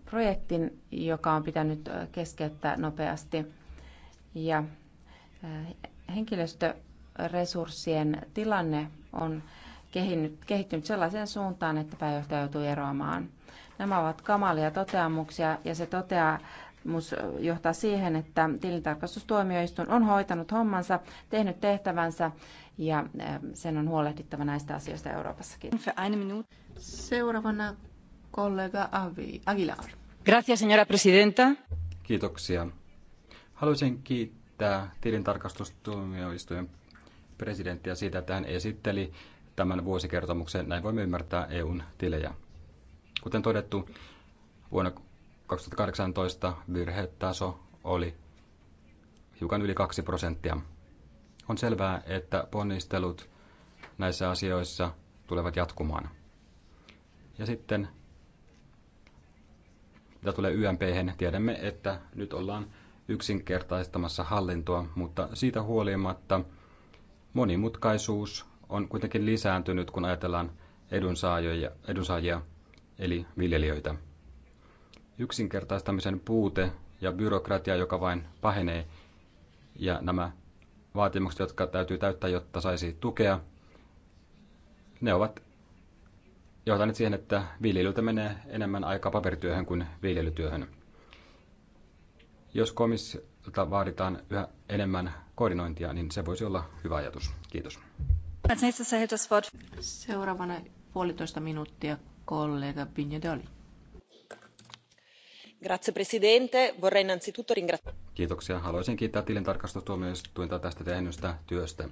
projektin, joka on pitänyt keskeyttää nopeasti. Ja henkilöstöresurssien tilanne on kehittynyt sellaiseen suuntaan, että pääjohtaja joutuu eroamaan. Nämä ovat kamalia toteamuksia ja se toteaa, johtaa siihen, että tilintarkastustuomioistuin on hoitanut hommansa, tehnyt tehtävänsä ja ähm, sen on huolehdittava näistä asioista Euroopassakin. Seuraavana kollega Avi Aguilar. Gracias, señora presidenta. Kiitoksia. Haluaisin kiittää tilintarkastustuomioistuimen presidenttiä siitä, että hän esitteli tämän vuosikertomuksen. Näin voimme ymmärtää EUn tilejä. Kuten todettu, vuonna 2018 virhetaso oli hiukan yli 2 prosenttia. On selvää, että ponnistelut näissä asioissa tulevat jatkumaan. Ja sitten, mitä tulee YMP, tiedämme, että nyt ollaan yksinkertaistamassa hallintoa, mutta siitä huolimatta monimutkaisuus on kuitenkin lisääntynyt, kun ajatellaan edunsaajia, edunsaajia eli viljelijöitä. Yksinkertaistamisen puute ja byrokratia, joka vain pahenee, ja nämä vaatimukset, jotka täytyy täyttää, jotta saisi tukea, ne ovat johtaneet siihen, että viljelyltä menee enemmän aikaa paperityöhön kuin viljelytyöhön. Jos komissiolta vaaditaan yhä enemmän koordinointia, niin se voisi olla hyvä ajatus. Kiitos. Seuraavana puolitoista minuuttia kollega Pinja Dali. Kiitoksia. Haluaisin kiittää tilintarkastustuomioistuinta tästä tehdystä työstä.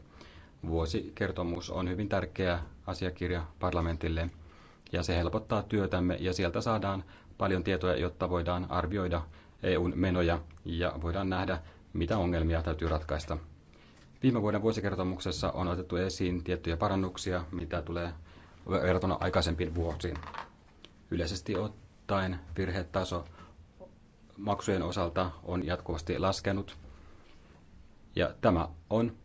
Vuosikertomus on hyvin tärkeä asiakirja parlamentille ja se helpottaa työtämme ja sieltä saadaan paljon tietoja, jotta voidaan arvioida EUn menoja ja voidaan nähdä, mitä ongelmia täytyy ratkaista. Viime vuoden vuosikertomuksessa on otettu esiin tiettyjä parannuksia, mitä tulee verrattuna aikaisempiin vuosiin. Yleisesti ottaen virhetaso maksujen osalta on jatkuvasti laskenut. Ja tämä on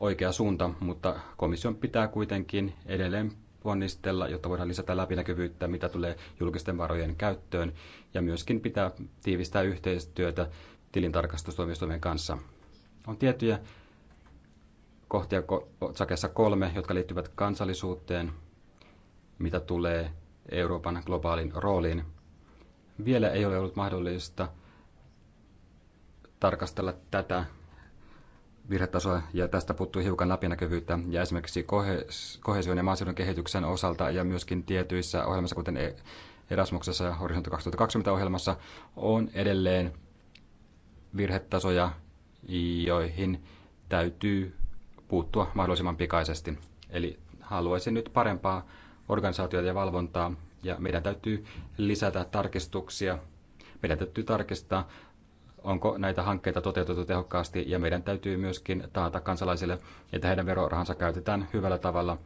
oikea suunta, mutta komission pitää kuitenkin edelleen ponnistella, jotta voidaan lisätä läpinäkyvyyttä, mitä tulee julkisten varojen käyttöön, ja myöskin pitää tiivistää yhteistyötä tilintarkastustoimistojen kanssa. On tiettyjä kohtia sakessa kolme, jotka liittyvät kansallisuuteen, mitä tulee Euroopan globaalin rooliin vielä ei ole ollut mahdollista tarkastella tätä virhetasoa, ja tästä puuttuu hiukan läpinäkyvyyttä, ja esimerkiksi kohesion ja maaseudun kehityksen osalta, ja myöskin tietyissä ohjelmissa, kuten e- Erasmuksessa ja Horisontti 2020-ohjelmassa, on edelleen virhetasoja, joihin täytyy puuttua mahdollisimman pikaisesti. Eli haluaisin nyt parempaa organisaatiota ja valvontaa, ja meidän täytyy lisätä tarkistuksia. Meidän täytyy tarkistaa, onko näitä hankkeita toteutettu tehokkaasti ja meidän täytyy myöskin taata kansalaisille, että heidän verorahansa käytetään hyvällä tavalla.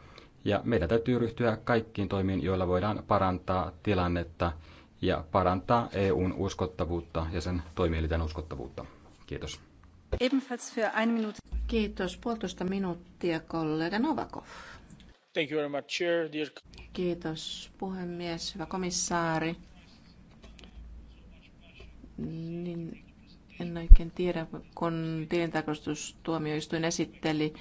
Ja meidän täytyy ryhtyä kaikkiin toimiin, joilla voidaan parantaa tilannetta ja parantaa EUn uskottavuutta ja sen toimielinten uskottavuutta. Kiitos. Kiitos. Puolitoista minuuttia kollega Novakov. Thank you very much, Chair. Dear... Kiitos puhemies, hyvä komissaari. Niin, en oikein tiedä, kun tilintarkastustuomioistuin esitteli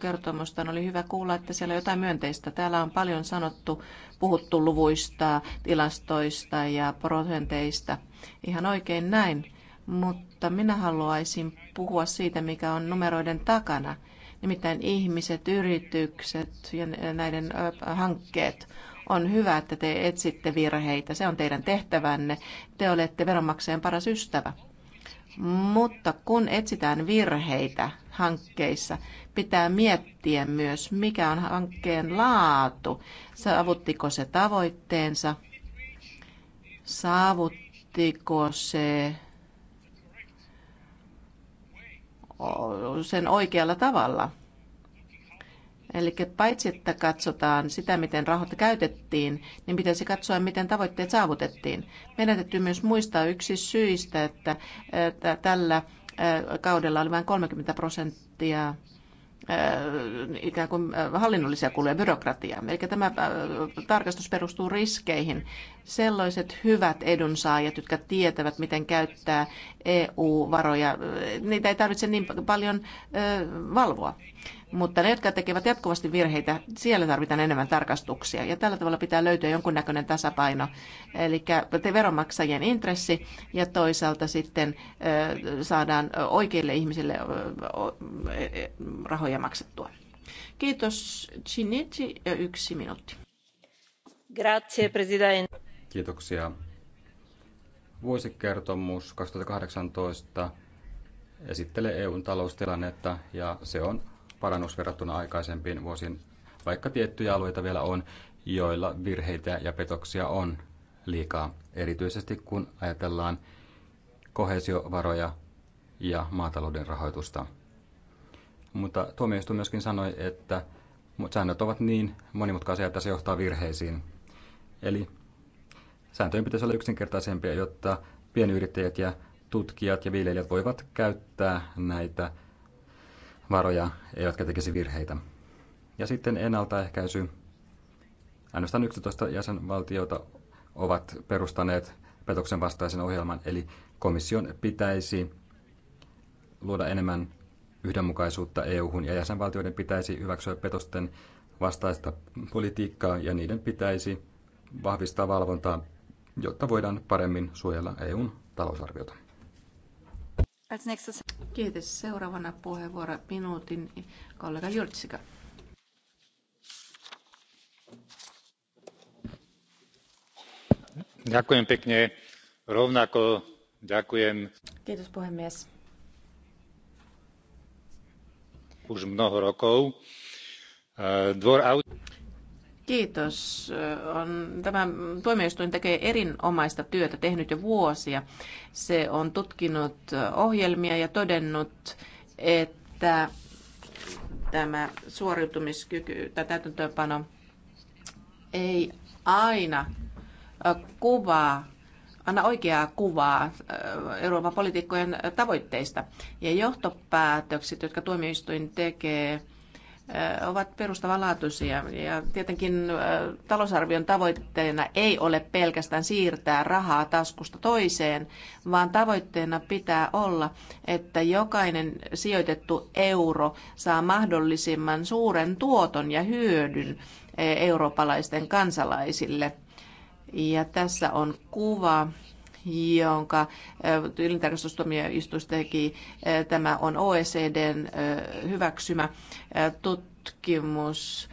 kertomusta, niin oli hyvä kuulla, että siellä on jotain myönteistä. Täällä on paljon sanottu, puhuttu luvuista, tilastoista ja prosenteista. Ihan oikein näin, mutta minä haluaisin puhua siitä, mikä on numeroiden takana – nimittäin ihmiset, yritykset ja näiden hankkeet. On hyvä, että te etsitte virheitä. Se on teidän tehtävänne. Te olette veronmaksajan paras ystävä. Mutta kun etsitään virheitä hankkeissa, pitää miettiä myös, mikä on hankkeen laatu. Saavuttiko se tavoitteensa? Saavuttiko se sen oikealla tavalla. Eli paitsi, että katsotaan sitä, miten rahat käytettiin, niin pitäisi katsoa, miten tavoitteet saavutettiin. Meidän täytyy myös muistaa yksi syistä, että tällä kaudella oli vain 30 prosenttia ikään kuin hallinnollisia kuluja, byrokratiaa. Eli tämä tarkastus perustuu riskeihin. Sellaiset hyvät edunsaajat, jotka tietävät, miten käyttää EU-varoja. Niitä ei tarvitse niin paljon valvoa. Mutta ne, jotka tekevät jatkuvasti virheitä, siellä tarvitaan enemmän tarkastuksia. Ja tällä tavalla pitää löytyä jonkunnäköinen tasapaino. Eli veronmaksajien intressi ja toisaalta sitten saadaan oikeille ihmisille e, e, rahoja maksettua. Kiitos Chinichi, yksi minuutti. Grazie, Kiitoksia vuosikertomus 2018 esittelee EUn taloustilannetta ja se on parannus verrattuna aikaisempiin vuosiin, vaikka tiettyjä alueita vielä on, joilla virheitä ja petoksia on liikaa, erityisesti kun ajatellaan kohesiovaroja ja maatalouden rahoitusta. Mutta tuomioistuin myöskin sanoi, että säännöt ovat niin monimutkaisia, että se johtaa virheisiin. Eli Sääntöjen pitäisi olla yksinkertaisempia, jotta pienyrittäjät ja tutkijat ja viljelijät voivat käyttää näitä varoja, eivätkä tekisi virheitä. Ja sitten ennaltaehkäisy. Ainoastaan 11 jäsenvaltiota ovat perustaneet petoksen vastaisen ohjelman, eli komission pitäisi luoda enemmän yhdenmukaisuutta EU-hun ja jäsenvaltioiden pitäisi hyväksyä petosten vastaista politiikkaa ja niiden pitäisi vahvistaa valvontaa jotta voidaan paremmin suojella EUn talousarviota. Kiitos. Seuraavana puheenvuoro minuutin kollega Jyrtsika. Ďakujem pekne. Rovnako ďakujem. Kiitos puhemies. Už mnoho rokov. Dvor aut- Kiitos. On, tämä tuomioistuin tekee erinomaista työtä, tehnyt jo vuosia. Se on tutkinut ohjelmia ja todennut, että tämä suoriutumiskyky tai täytäntöönpano ei aina kuvaa, anna oikeaa kuvaa Euroopan poliitikkojen tavoitteista. Ja johtopäätökset, jotka tuomioistuin tekee, ovat perustavanlaatuisia. Ja tietenkin talousarvion tavoitteena ei ole pelkästään siirtää rahaa taskusta toiseen, vaan tavoitteena pitää olla, että jokainen sijoitettu euro saa mahdollisimman suuren tuoton ja hyödyn eurooppalaisten kansalaisille. Ja tässä on kuva jonka tilintarkastustuomioistuin teki. Tämä on OECDn hyväksymä tutkimus,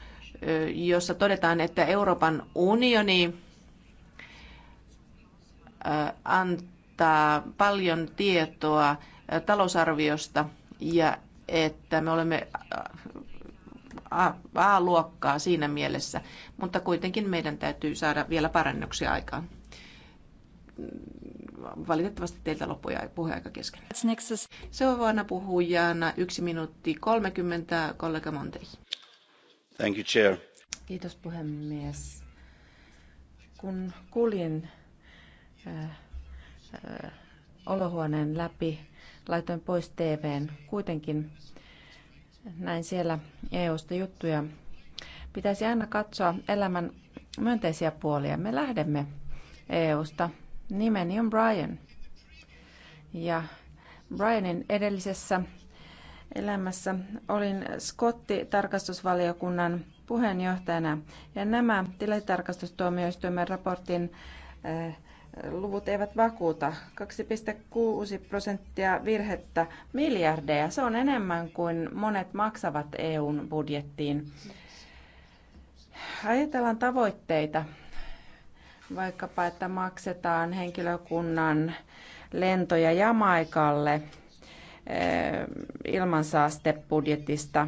jossa todetaan, että Euroopan unioni antaa paljon tietoa talousarviosta ja että me olemme A-luokkaa siinä mielessä, mutta kuitenkin meidän täytyy saada vielä parannuksia aikaan valitettavasti teiltä loppui puheaika kesken. Seuraavana puhujana yksi minuutti 30, kollega Montei. Thank you, Chair. Kiitos puhemies. Kun kuljin äh, äh, olohuoneen läpi, laitoin pois TVn. Kuitenkin näin siellä EU-sta juttuja. Pitäisi aina katsoa elämän myönteisiä puolia. Me lähdemme EUsta Nimeni on Brian. Ja Brianin edellisessä elämässä olin Skotti tarkastusvaliokunnan puheenjohtajana. Ja nämä tilitarkastustuomioistuimen raportin eh, luvut eivät vakuuta. 2,6 prosenttia virhettä miljardeja. Se on enemmän kuin monet maksavat EUn budjettiin. Ajatellaan tavoitteita vaikkapa, että maksetaan henkilökunnan lentoja Jamaikalle eh, ilmansaastebudjetista.